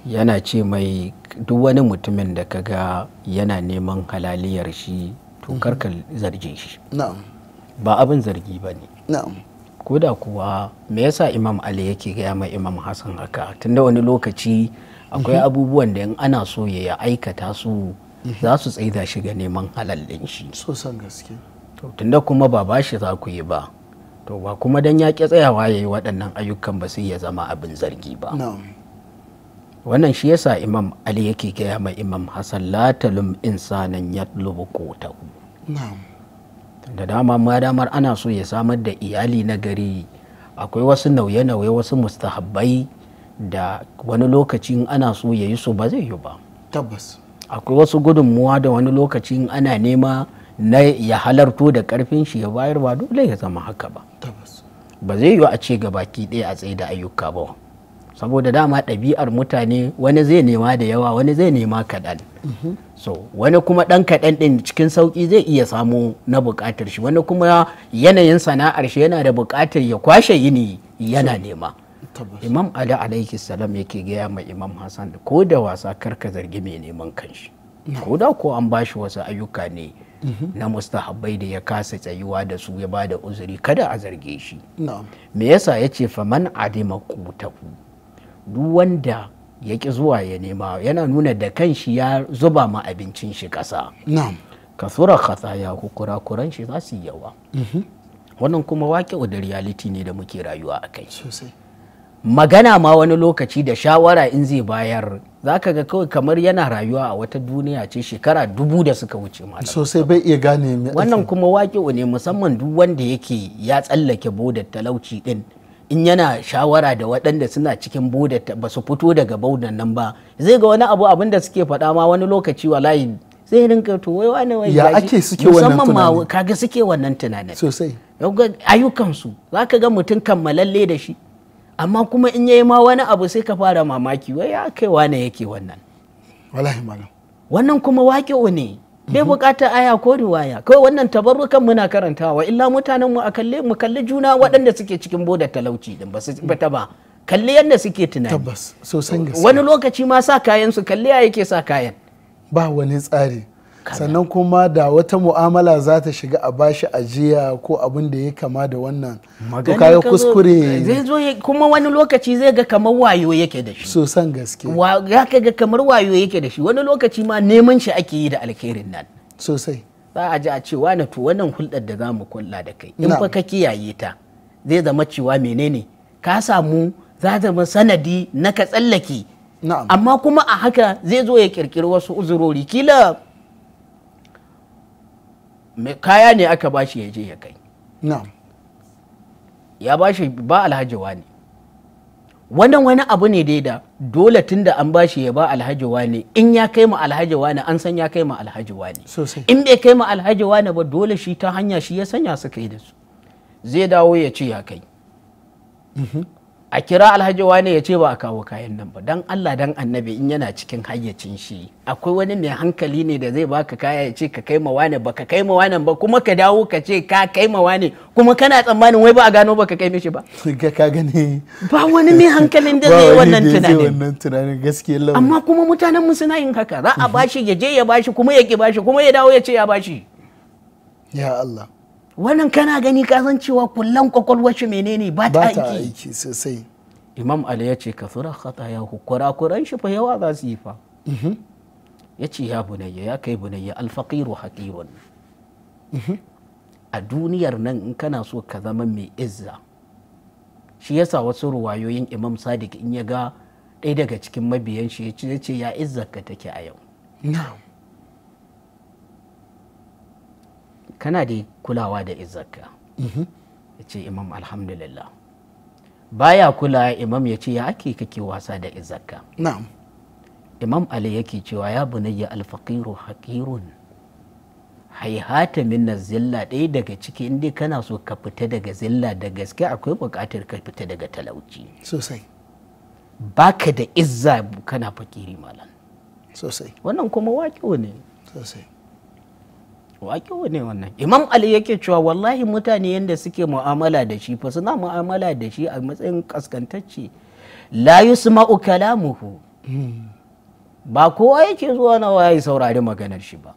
yana ce mai duk wani mutumin da ka ga yana neman halaliyar shi to mhm. karka zarge shi ba abin zargi ba ne ko da kuwa me yasa imam ali yake gaya mai imam hassan haka tunda wani lokaci akwai mhm. abubuwan da in ana so ya aikata su mhm. za su tsaida shi ga neman halal ɗin shi. tunda kuma ba bashi za ku yi ba to ba kuma dan ya tsayawa ya yi waɗannan ayyukan ba sai ya zama abin zargi ba wannan shi yasa imam ali yake gaya mai imam hasan latalum insanan ya lubu kotahu da dama ma damar ana so ya samar da iyali na gari akwai wasu nauye-nauye wasu mustahabbai da wani lokacin ana so ya yi su ba zai yi ba tabbas akwai wasu gudunmuwa da wani lokacin ana nema na ya halarto da karfin shi ya bayarwa dole ya zama haka ba ba zai yiwu a ce ga baki ɗaya a tsaye da ayyuka ba saboda dama ɗabi'ar mutane wani zai nema da yawa wani zai nema kaɗan mhm. so wani kuma ɗan kaɗan ɗin cikin sauƙi zai iya samu na buƙatar shi wani kuma yanayin sana'ar shi yana da buƙatar ya kwashe yini yana nema imam ali alaihi salam yake gaya ma imam hassan ko da wasa karka zargi mai neman kanshi ko da ko an bashi wasu ayyuka ne Mm-hmm. na mustahabbai da ya kasa tsayuwa da su ya bada uzuri kada a zarge shi me yasa ya ce man adima kutaku duk wanda ya ki zuwa ya nema yana nuna da kanshi ya zuba ma abincin shi kasa kasurar khataya ku kurakuran shi za su yi yawa mm-hmm. wannan kuma waƙe da reality ne da muke rayuwa a kai sosai magana ma wani lokaci da shawara in zai bayar za ka ga kawai kamar yana rayuwa a wata duniya ce shekara dubu da suka wuce ma sosai bai iya gane wannan kuma wake ne musamman duk wanda yake ya tsallake bodar talauci din in yana shawara da waɗanda suna cikin bodar ba su fito daga bodar nan ba zai ga wani abu abin da suke faɗa ma wani lokaci wallahi zai rinka to wai wani wai ya ake suke wannan tunanin musamman ma kaga suke wannan tunanin sosai ayyukansu su zaka ga mutum kammalalle da shi amma kuma in yayi ma wani abu sai ka fara mamaki wai ya kai wane yake wannan wallahi malam wannan kuma wake ne bai mhm. buƙatar aya ko riwaya kawai wannan tabarrukan muna karantawa illa mutanen mu a kalle mu kalli juna waɗanda suke cikin bodar talauci din ba su ta ba kalli yadda suke tunani tabbas so san wani lokaci ma sa kayan su kalli yake sa kayan ba wani tsari sannan kuma da wata mu'amala za ta shiga a bashi ajiya ko abin da ya kama da wannan to kuskure zai zo kuma wani lokaci zai ga kamar wayo yake da shi sosan gaske ya ka ga kamar wayo yake da shi wani lokaci ma neman shi ake yi da alkhairin nan sosai za a ji a cewa na to wannan hulɗar da za mu kulla da kai in fa ka kiyaye ta zai zama cewa menene ka samu za zama sanadi na ka tsallake amma kuma a haka zai zo ya kirkiri wasu uzurori kila Mai kaya ne aka ba shi ya je ya kai ya ba shi ba alhaji ne wannan wani abu ne dai da dole tun da an bashi ya ba alhaji ne in ya kai ma alhaji ne an san ya kai ma alhaji ne in bai kai ma alhaji ne ba dole shi ta hanya shi ya sanya su kai da su zai dawo ya ce ya kai mhm. a kira alhaji wane ya ce ba a kawo kayan nan ba dan Allah dan annabi in yana cikin hayyacin shi akwai wani mai hankali ne da zai baka kaya ya ce ka kai ma wane ba ka kai ma wane ba kuma ka dawo ka ce ka kai ma wane kuma kana tsammanin wai ba a gano ba ka kai mishi ba ka ka gani ba wani mai hankalin da zai wannan tunanin wannan tunanin gaskiya lawa amma kuma mutanen mu suna yin haka za a bashi ya je ya bashi kuma ya ki bashi kuma ya dawo ya ce ya bashi ya Allah wannan kana gani ka san cewa kullan kwakwalwa shi menene ba ta aiki sosai imam ali ya ce ka ya khatayahu kuran shi fa yawa za su yi fa mm-hmm. ya ce ya bunayya ya kai bunayya alfaqiru haqirun mm-hmm. a duniyar nan in kana so ka zama mai izza shi yasa wasu ruwayoyin imam sadiq in ya ga ɗaya daga cikin mabiyan shi ya ce ya take a yau kana da kulawa da izzarka mhm. ya ce imam alhamdulillah baya kula imam ya ce ya ake kake wasa da izzarka imam ali yake cewa ya bunayya alfaqiru haqirun haihata min zilla ɗaya daga ciki inda kana so ka fita daga zilla da gaske akwai buƙatar ka fita daga talauci sosai baka da izza kana fakiri malam sosai wannan kuma waƙo ne sosai waƙiwa wane wannan imam ali yake cewa wallahi mutane yadda suke mu'amala da shi fa suna mu'amala da shi a matsayin kaskantacce la yusma'u kalamuhu ba kowa yake zuwa na waye saurari maganar shi ba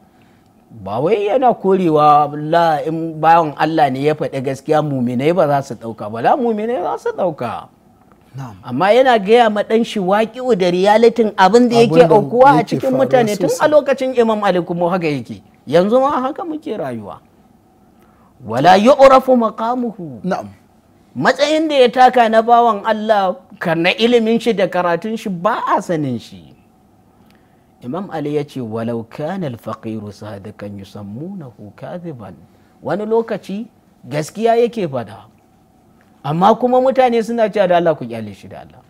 ba wai yana korewa la in bayan Allah ne ya faɗi gaskiya muminai ba za su ɗauka ba la muminai za su ɗauka amma yana gaya ma ɗan shi waƙi'u da riyalitin abin da yake aukuwa a cikin mutane tun a lokacin imam ali kuma haka yake yanzu ma haka muke rayuwa wala yu'rafu maqamuhu na'am matsayin da ya taka na bawan Allah na ilimin shi da karatun shi ba a sanin shi imam ali ya ce walau kana alfaqiru sadakan yusammunahu kadhiban wani lokaci gaskiya yake fada amma kuma mutane suna cewa da Allah ku kyale shi da Allah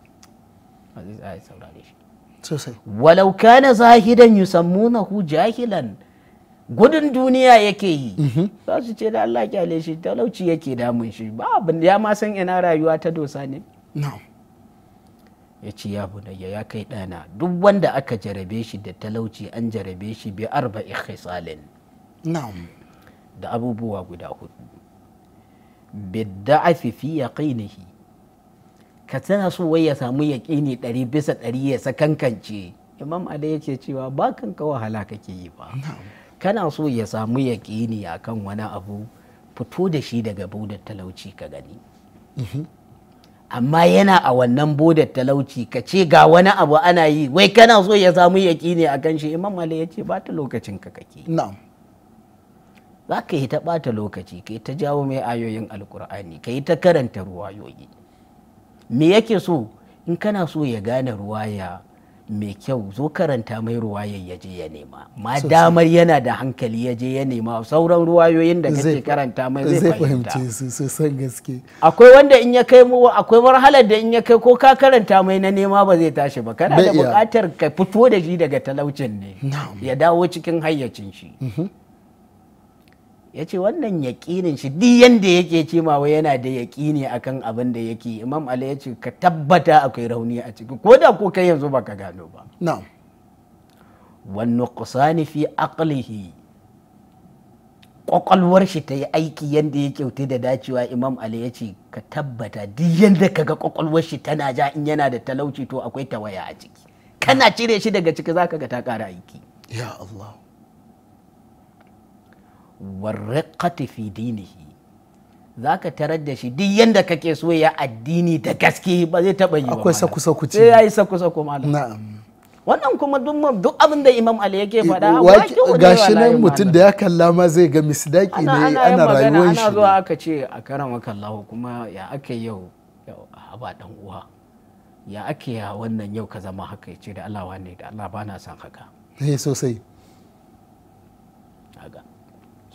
aziz ayi saurare shi sosai walau kana zahidan yusammunahu jahilan gudun duniya yake yi mhm. za su ce da Allah kyale shi talauci yake damun shi ba abin ya ma san ina rayuwa ta dosa ne ya ce ya bunayya ya kai ɗana duk wanda aka jarabe shi da talauci an jarabe shi bi arba ikhisalin da abubuwa guda hudu afifi fi yaqinihi ka tana so wai ya samu yaƙini ɗari bisa ɗari ya sakankance imam ali yake cewa ba kanka wahala kake yi ba Na'am. kana so ya samu yaƙini akan wani abu fito da shi daga bodar talauci ka gani mhm. amma yana a wannan bodar talauci ka ce ga wani abu ana yi wai kana so ya samu yaƙini a kan shi imam ya ce ba ta lokacin ka kake za ka yi ta ɓata lokaci ka yi ta jawo mai ayoyin alkur'ani ka yi ta karanta ruwayoyi me yake so in kana so ya gane ruwaya mai kyau zo karanta mai ruwayan ya je ya nema ma damar yana da hankali ya je ya nema sauran ruwayoyin da kake karanta mai zai fahimta sosan gaske akwai wanda in ya kai mu akwai marhalar da in ya kai ko ka karanta mai na nema ba zai tashi ba kana da buƙatar ka fito da shi daga talaucin ne ya dawo cikin hayyacin shi mhm. ya ce wannan yaƙinin shi duk yanda yake ce yana da yaƙini akan abin da yake imam ali ya ce ka tabbata akwai rauni a ciki ko da ko kai yanzu ba ka gano ba wani kusanifi nuqsani fi aqlihi shi ta yi aiki yadda ya kyauta da dacewa imam ali ya ce ka tabbata duk yanda kaga kwakwalwar shi tana ja in yana da talauci to akwai tawaya a ciki kana cire shi daga ciki zaka ga ta ƙara aiki ya Allah warraƙati fi dinihi za ka tarar da shi duk yadda kake so ya addini da gaske ba zai taɓa yi ba akwai saku saku ce ya yi saku saku malam na'am wannan kuma duk abin da imam ali yake faɗa ga shi nan mutum da ya kalla ma zai ga misdaki ne ana rayuwar shi ana zuwa aka ce a karan kallahu kuma ya aka yau a ba dan uwa ya ake ya wannan yau ka zama haka ya ce da Allah wane da Allah bana son haka sosai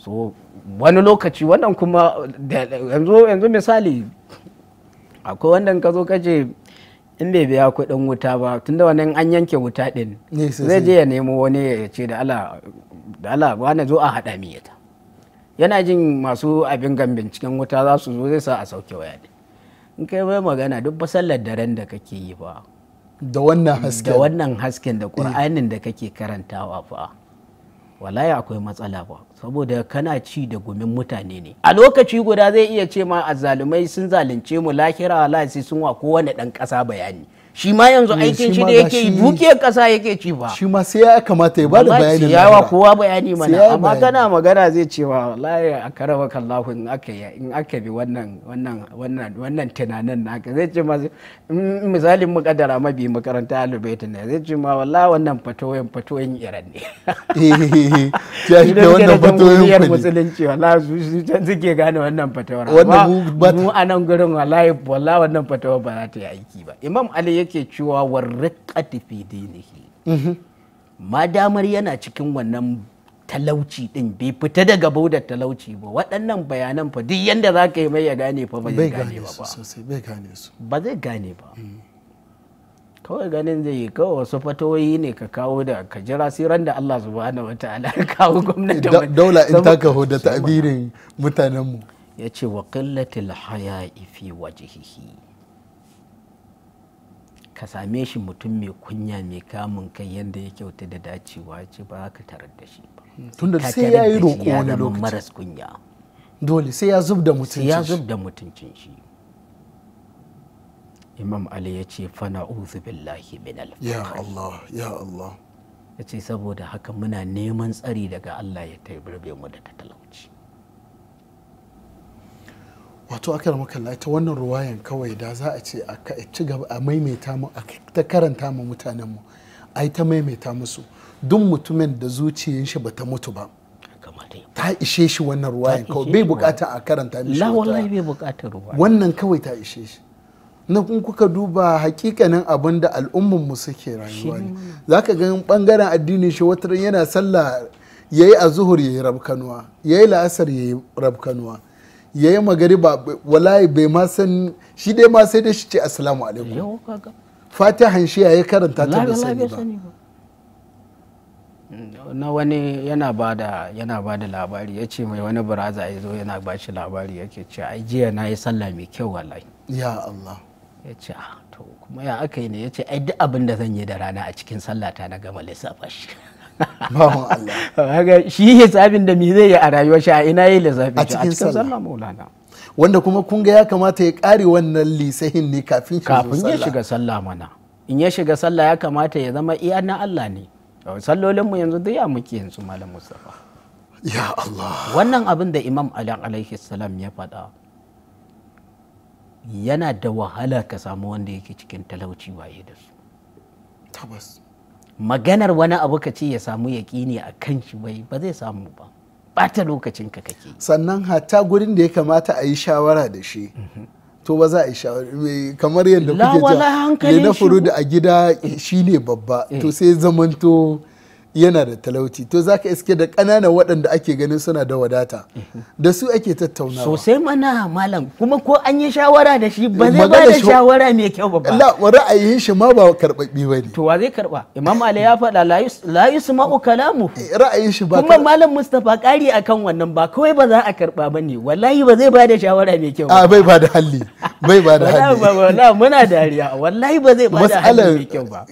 so wani lokaci wannan kuma yanzu misali akwai wannan ka zo kace in bai biya kuɗin wuta ba tunda wannan an yanke wuta din zai je ya nemo wani ya ce da ala wani zo a haɗa miyata yana jin masu abin gan binciken wuta za su zo zai sa a sauke waya ɗin in kai bai magana duk ba sallar daren da kake yi ba da wannan hasken da wannan hasken da ƙur'anin eh. da kake karantawa fa wallahi akwai matsala ba saboda kana ci da gumin mutane ne a lokaci guda zai iya ce ma azzalumai sun zalunce mu lahira wa sun wa kowane ɗan ƙasa bayani shi ma yanzu eh, aikin shi da yake buke kasa yake ci ba shi ma sai ya kamata ya bada bayani yawa kowa bayani mana amma kana magana zai wa wallahi a karaba kallahu in aka in aka bi wannan wannan wannan wannan tunanin naka zai ce ma mm, misalin mu kadara bi makaranta albaita ne zai ce ma wallahi wannan fatoyin fatoyin iran ne ya shi da wannan fatoyin ne musulunci wallahi su can suke gane wannan fatawar wannan mu anan gurin wallahi wallahi wannan fatawar ba za ta yi aiki ba imam ali yake cewa warriƙati fi dinihi mhm. madamar yana cikin wannan talauci din bai fita daga bauda talauci ba waɗannan bayanan fa duk yadda za ka yi mai ya gane fa bai gane ba ba zai gane ba mm. kawai ganin zai yi kawai wasu fatoyi ne ka kawo da ka jira siran da Allah subhanahu wa ta'ala ya kawo gwamnati daula in ta kaho da ta'birin mutanenmu ya ce wa qillatil haya'i fi wajhihi ka same shi mutum mai kunya mai kamun kai yadda ya kyauta da dacewa ce ba ka tarar da shi ba hmm, tunda sai ya yi roƙo wani lokaci maras kunya dole sai ya zub da mutuncin ya zub da mutuncin shi imam ali ya ce fana uzu billahi min ya allah ya allah ya ce saboda haka muna neman tsari daga allah ya tarbe mu daga talauci wato aka rama kalla ita wannan ruwayan kawai da za a ce a ci gaba a maimaita mu a ta karanta mu mutanen mu yi ta maimaita musu duk mutumin da zuciyar shi bata mutu ba ta ishe shi wannan ruwayan kawai bai bukata a karanta mishi la wallahi bai bukata ruwayan wannan kawai ta ishe shi na kun kuka duba hakikanin abin da al'ummar mu suke rayuwa ne zaka ga bangaren addini shi wata yana sallah yayi a zuhur yayi rabkanuwa yayi la'asar yayi rabkanuwa ya yi ba wallahi bai ma san shi dai ma sai dai shi ce assalamu alaikum fatihan shi ya karanta ta da sani ba na wani yana ba da yana ba da labari ya ce mai wani baraza ya zo yana ba shi labari yake ce ai jiya na yi sallah mai kyau wallahi ya Allah ya ce ah, to kuma ya aka yi ne ya ce ai duk abin da zan yi da rana a cikin sallah ta na gama lissafa shi bawan Allah shi yi hisabin da me zai yi a rayuwar shi a ina yayi lissafi a cikin sallah maulana wanda kuma kun ga ya kamata ya kare wannan lisahin ne kafin shi kafin ya shiga sallah mana in ya shiga sallah ya kamata ya zama iya na Allah ne sallolin mu yanzu duk ya muke yanzu malam Mustafa ya Allah wannan abin da Imam Ali alaihi salam ya faɗa yana da wahala ka samu wanda yake cikin talauci waye da su tabbas maganar wani abu ka ce ya samu yaƙini a kan shi bai ba zai samu ba bata lokacin ka kake sannan hatta gurin da ya kamata a yi shawara da shi to ba za a yi shawara kamar yadda kuke ja na furu da a gida shi ne babba eh. to sai zamanto yana da talauci to zaka iske da ƙanana waɗanda ake ganin suna da wadata da su ake tattaunawa sosai mana malam kuma ko an yi shawara da shi ba zai ba da shawara mai kyau ba ba ra'ayin shi ma ba karɓaɓɓe ba ne to wa zai karɓa imam ali ya faɗa la yusma'u kalamu eh, ra'ayin shi ba kuma malam mustafa ƙari akan wannan ba kawai ba za a karɓa ba ne wallahi ba zai ba da shawara mai kyau a bai ba da halli bai ba da halli wala muna dariya wallahi ba zai ba da halli mai kyau ba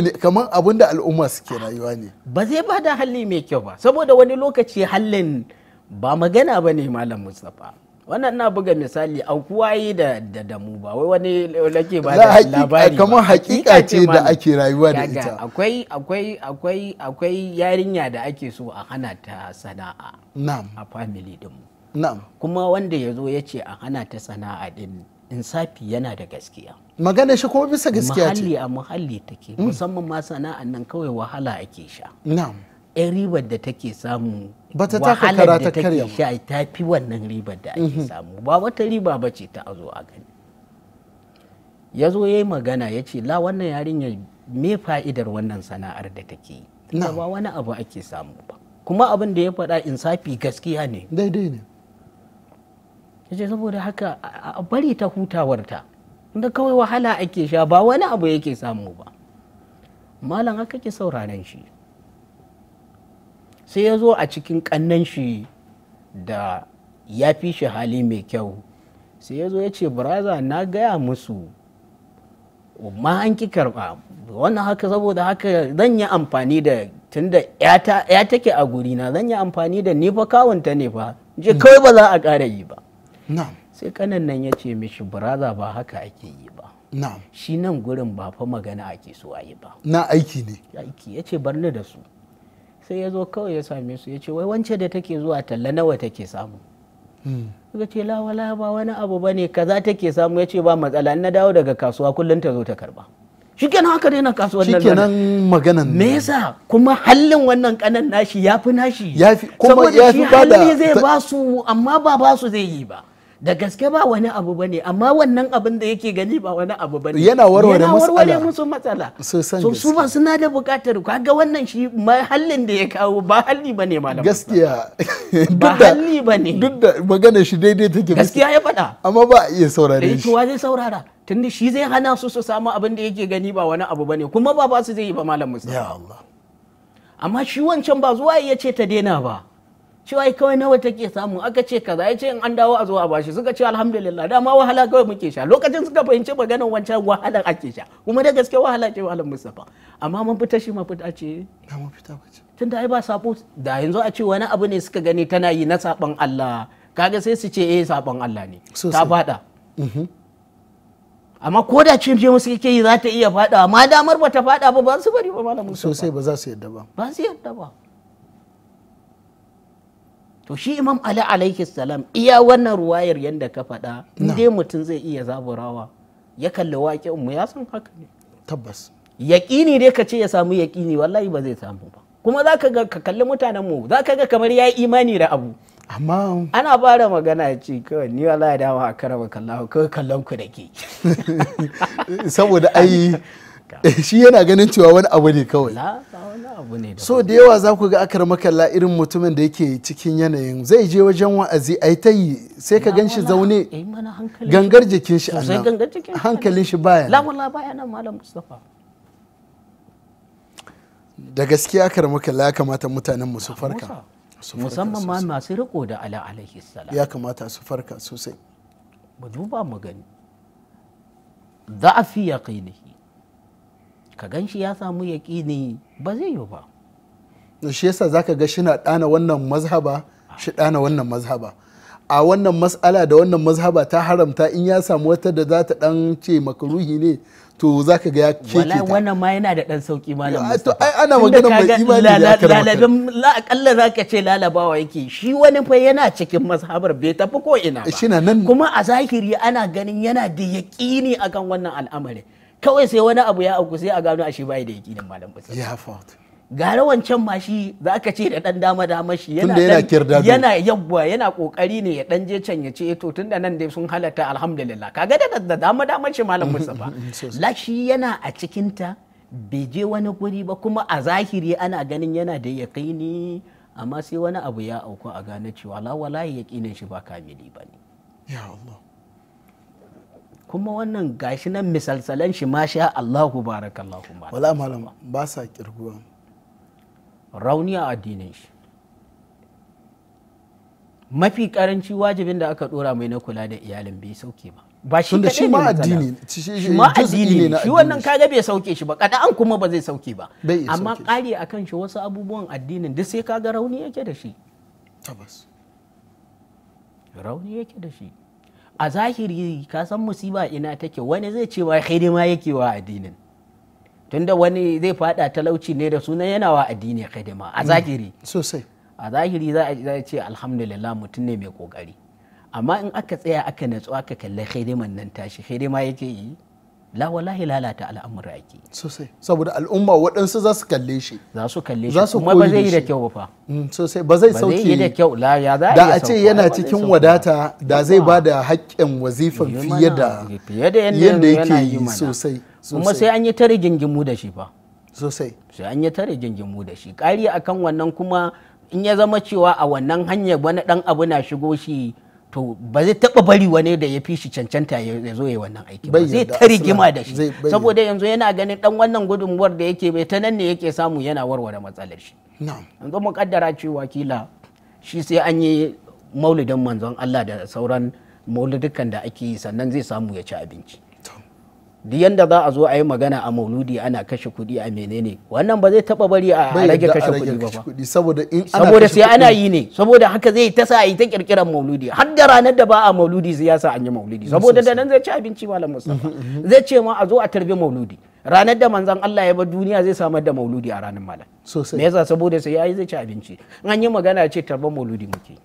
ne kamar abinda al'umma suke rayuwa ne ba zai ba da halli mai kyau ba saboda wani lokaci hallin ba magana ba ne malam mustapha wannan na buga misali aukuwa kuwaye da da ba wai wani lake ba da labari kamar hakika ce da ake rayuwa da ita akwai akwai akwai akwai yarinya da ake so a hana ta sana'a na'am a family din mu kuma wanda ya zo ya ce a hana ta sana'a din insafi yana da gaskiya magana shi kuma bisa gaskiya ce muhalli a muhalli take mm. musamman ma sana'an nan kawai wahala ake sha na'am yan ribar da take samu bata taka kara ta karya sha ta fi wannan ribar da ake mm-hmm. samu ba wata riba bace ta azo a gani ya zo ya yi magana ya ce la wannan yarinyar me fa'idar wannan sana'ar da take yi ba wani abu ake samu ba kuma abin da ya faɗa insafi gaskiya ne daidai ne ya ce saboda haka a bari ta hutawarta ga kawai wahala ake sha ba wani abu yake samu ba malam haka ke shi sai ya zo a cikin kannan shi da ya fi shi hali mai kyau sai ya zo ya ce braza na gaya musu ma an ki karba wannan haka saboda haka zan yi amfani da tunda ya take a gurina, na zan yi amfani da ni kawunta ne fa je kawai ba za a ƙara yi ba sai kanan nan ya ce mishi buraza ba haka ake yi ba shi nan gurin ba fa magana ake so a yi ba na aiki ne aiki ya ce barni da su sai ya zo kawai ya same su ya ce wai wance da take zuwa talla nawa take samu hmm. suka ce lawala ba wani abu ba ne kaza take samu ya ce ba matsala na dawo daga kasuwa kullum ta zo ta karba kenan haka dai na kasuwa nan kenan maganan me yasa kuma hallin wannan kanan nashi yafi nashi yafi kuma yafi bada saboda shi zai ba su amma ba ba su zai yi ba da gaske ba wani abu ba ne amma wannan abin da yake gani ba wani abu ba ne yana warware musu matsala so su ba suna da bukatar kaga wannan shi mahallin da ya kawo ba halli ba ne malam gaskiya ba halli ba ne duk da magana shi daidai take gaskiya ya faɗa amma ba a iya saurare eh, shi wa zai saurara tunda shi zai hana su su samu abin da yake gani ba wani abu ba ne kuma ba ba su zai yi ba malam musa ya Allah amma shi wancan ba zuwa ya ce ta daina ba cewa kawai nawa take samu aka ce kaza ya ce in an dawo a zo a bashi suka ce alhamdulillah dama wahala kawai muke sha lokacin suka fahimci maganar wancan wahalar ake sha kuma da gaske wahala ce wahalar Mustapha amma mun fita shi mafita ce ba fita ba ce tunda ai ba sabo da yanzu a ce wani abu ne suka gani tana yi na saban Allah kaga sai su ce eh saban Allah ne ta fada mm-hmm. amma ko da cin je musu yake yi za ta iya fada amma damar ba ta fada ba ba su bari ba malamin sosai ba za su yadda ba ba su yadda ba to shi imam ali alaihi salam iya wannan ruwayar yadda ka faɗa inda mutum zai iya zaburawa ya kalli waƙe mu ya san haka ne tabbas yaƙini dai ka ce ya samu yaƙini wallahi ba zai samu ba kuma za ka ga ka kalli mutanen mu za ka ga kamar ya yi imani da abu amma ana fara magana ce kawai ni wallahi dawa a karama kallahu kawai kallon ku da ke saboda ai shi yana ganin cewa wani abu ne kawai so da yawa za ku ga akar makalla irin mutumin da yake cikin yanayin zai je wajen wa'azi a ta yi sai ka gan shi zaune gangar jikin shi anan hankalin shi baya nan malam da gaskiya akar makalla ya kamata mutanen su farka musamman ma masu riko da ala alaihi salam ya kamata su farka sosai mu duba mu gani da'afi yaqinihi ka gan shi ya samu ne ba zai yi ba shi yasa ka ga shi na ɗana wannan mazhaba shi ɗana wannan mazhaba a wannan matsala da wannan mazhaba ta haramta in ya samu wata da za ta ɗan ce makaruhi ne to za ka ga ya keke ta wannan ma yana da ɗan sauki malam to ai ana magana mai imani da akara lalabin la akalla za ka ce lalabawa yake shi wani fa yana cikin mazhabar bai tafi ko ina ba kuma a zahiri ana ganin yana da yaqini akan wannan al'amari kawai sai wani abu ya auku sai a gano ashe bai da yakinin malam basir ya fault gara wancan ma shi za ka ce da dan dama dama shi yana yana yana yabwa yana kokari ne ya dan je can ya ce eh, to tunda nan dai sun halatta alhamdulillah kaga da da dama dama shi malam ba la shi yana a cikin ta bai je wani guri ba kuma a zahiri ana ganin yana da yakini amma sai wani abu ya auku a gane cewa la wallahi yakinin shi ba kamili bane ya Allah kuma wannan gashi nan misalsalan shi ma sha Allahu barakallahu ma wala malam ba sa kirguwa rauni a addinin shi mafi karanci wajibin da aka dora mai na kula da iyalin bai sauke ba ba shi kadai shi ma addini shi ma addini shi wannan kaga bai sauke shi ba kada an kuma ba zai sauke ba amma kare akan shi wasu abubuwan addinin duk sai kaga rauni yake da shi tabbas rauni yake da shi a zahiri ka san musiba ina take wani zai cewa wa hidima yake wa addinin tunda wani zai fada talauci ne da sunan yana wa addini hidima a mm, zahiri sosai a zahiri za a ce alhamdulillah mutum ne mai kokari amma in aka tsaya aka natsu aka kalli hidiman nan tashi hidima yake yi la wallahi lalata al'amura ake sosai saboda al'umma waɗansu za su kalle shi za su kalle shi kuma ba zai yi da kyau ba fa mm, sosai ba zai sauke yi da kyau la ya za da a ce yana cikin wadata da zai ba da haƙƙin wazifan fiye da yadda yake yi sosai kuma sai an yi ta rigingimu da shi fa sosai sai an yi ta rigingimu da shi ƙari akan wannan kuma in ya zama cewa a wannan hanyar wani ɗan abu na shigo shi to ba zai taba bari wani da ya fi shi cancanta ya zo ya wannan aiki ba zai ta rigima da shi saboda yanzu yana ganin dan wannan gudunmuwar da yake bai ta nan ne yake samu yana warware matsalar shi yanzu mu kaddara cewa kila shi sai an yi maulidin manzon Allah da sauran mauludukan da ake yi sannan zai samu ya ci abinci duk yanda za a zo a yi magana a mauludi ana kashe kuɗi a menene wannan ba zai taba bari a rage kashe kuɗi ba saboda in saboda sai ana yi ne saboda haka zai ta sa a yi ta kirkirar mauludi har da ranar da ba a mauludi zai yasa an yi mauludi mm, saboda da nan zai ci abinci malam mustafa zai ce ma a zo a tarbi mauludi ranar da manzan Allah ya bar duniya zai samar da mauludi a ranar malam me yasa saboda sai yayi zai ci abinci an yi magana ce tarban mauludi muke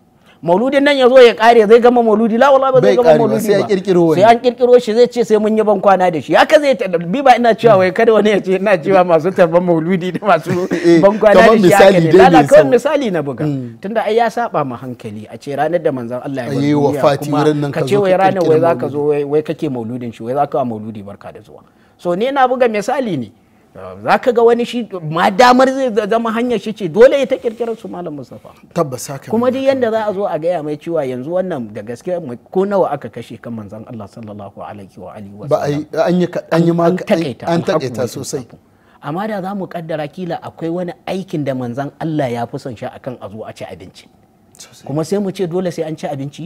mauludin nan ya zo ya kare zai gama mauludi la wallahi ba zai gama mauludi ba sai an kirkiro wani sai an kirkiro shi zai ce sai mun yi bankwana da shi haka zai ta bi ba ina cewa wai kada wani ya ce ina cewa masu tarban mauludi da masu eh, bankwana da shi haka ne lala kawai misali na buga mm. tunda ai ya saba ma hankali a ce ranar da manzon Allah ya yi wafati wurin nan ka ce wai ranar wai zaka zo wai kake mauludin shi wai zaka wa mauludi barka da zuwa so ne na buga misali ne za ka ga wani shi ma damar zai zama hanyar shi ce dole ya ta kirkirar su malam mustapha tabbas haka kuma duk yanda za a zo a gaya mai cewa yanzu wannan da gaske ko nawa aka kashe kan manzon Allah sallallahu alaihi wa alihi wa ba an yi an yi an sosai amma da za mu kaddara kila akwai wani aikin da manzon Allah ya fi son shi akan a zo a ci abinci kuma sai mu ce dole sai an ci abinci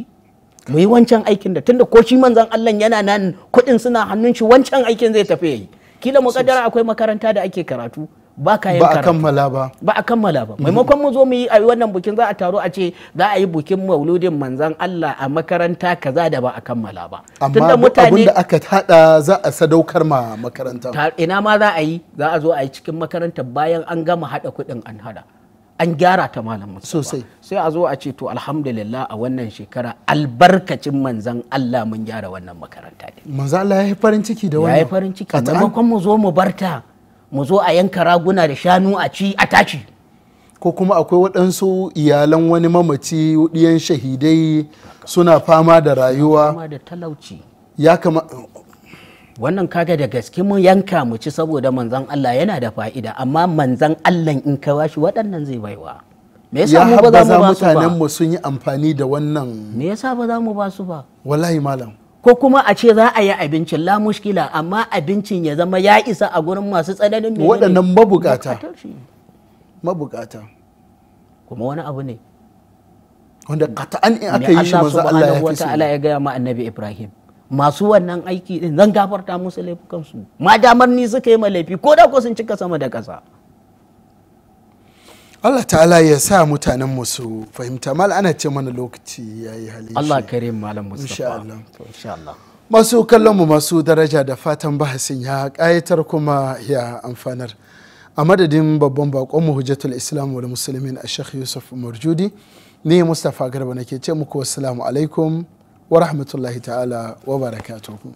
mu yi wancan aikin da tunda ko shi manzon Allah yana nan kuɗin suna hannun shi wancan aikin zai tafi yayi kila mukaddara akwai makaranta da ake karatu ba ka yin ba kammala ba ba a kammala ba mm-hmm. maimakon mu zo mu yi a wannan bukin za a taro a ce za a yi bukin mauludin manzan Allah a makaranta kaza da ba a kammala ba amma mutane da aka hada za a sadaukar ma makaranta ina ma za a yi za a zo a yi cikin makaranta bayan an gama hada kuɗin an hada an gyara ta malam sosai sai a zo a ce to alhamdulillah a wannan shekara albarkacin manzan Allah mun gyara wannan makaranta ne manzan Allah ya yi farin ciki da wannan ya yi farin ciki maimakon mu zo mu barta mu zo a yanka raguna da shanu a ci a tashi ko kuma akwai waɗansu iyalan wani mamaci ɗiyan shahidai suna fama da rayuwa da talauci ya kama wannan kaga da gaske mun yanka mu ci saboda manzon Allah yana da fa'ida amma manzon Allah in ka washi waɗannan zai baiwa me yasa mu ba za mu ba su ba? sun yi amfani da wannan me yasa ba za mu ba su ba wallahi malam ko kuma a ce za a yi abincin la mushkila amma abincin ya zama ya isa a gurin masu tsananin waɗannan mabukata mabukata kuma wani abu ne wanda qata'an in aka yi shi manzo Allah ya fi Allah ya ga ma annabi Ibrahim masu wannan aiki din zan gafarta musu laifukansu ma damar ni suka yi laifi ko da ko sun cika sama da ƙasa Allah ta'ala ya sa mutanen musu fahimta mal ana ce mana lokaci ya yi hali Allah kare malam Mustafa insha Allah masu kallon mu masu daraja da fatan bahasin ya ƙayatar kuma ya amfanar a madadin babban bakon mu hujjatul islam wal muslimin a yusuf marjudi ni mustafa garba nake ce muku assalamu alaikum ورحمة الله تعالى وبركاته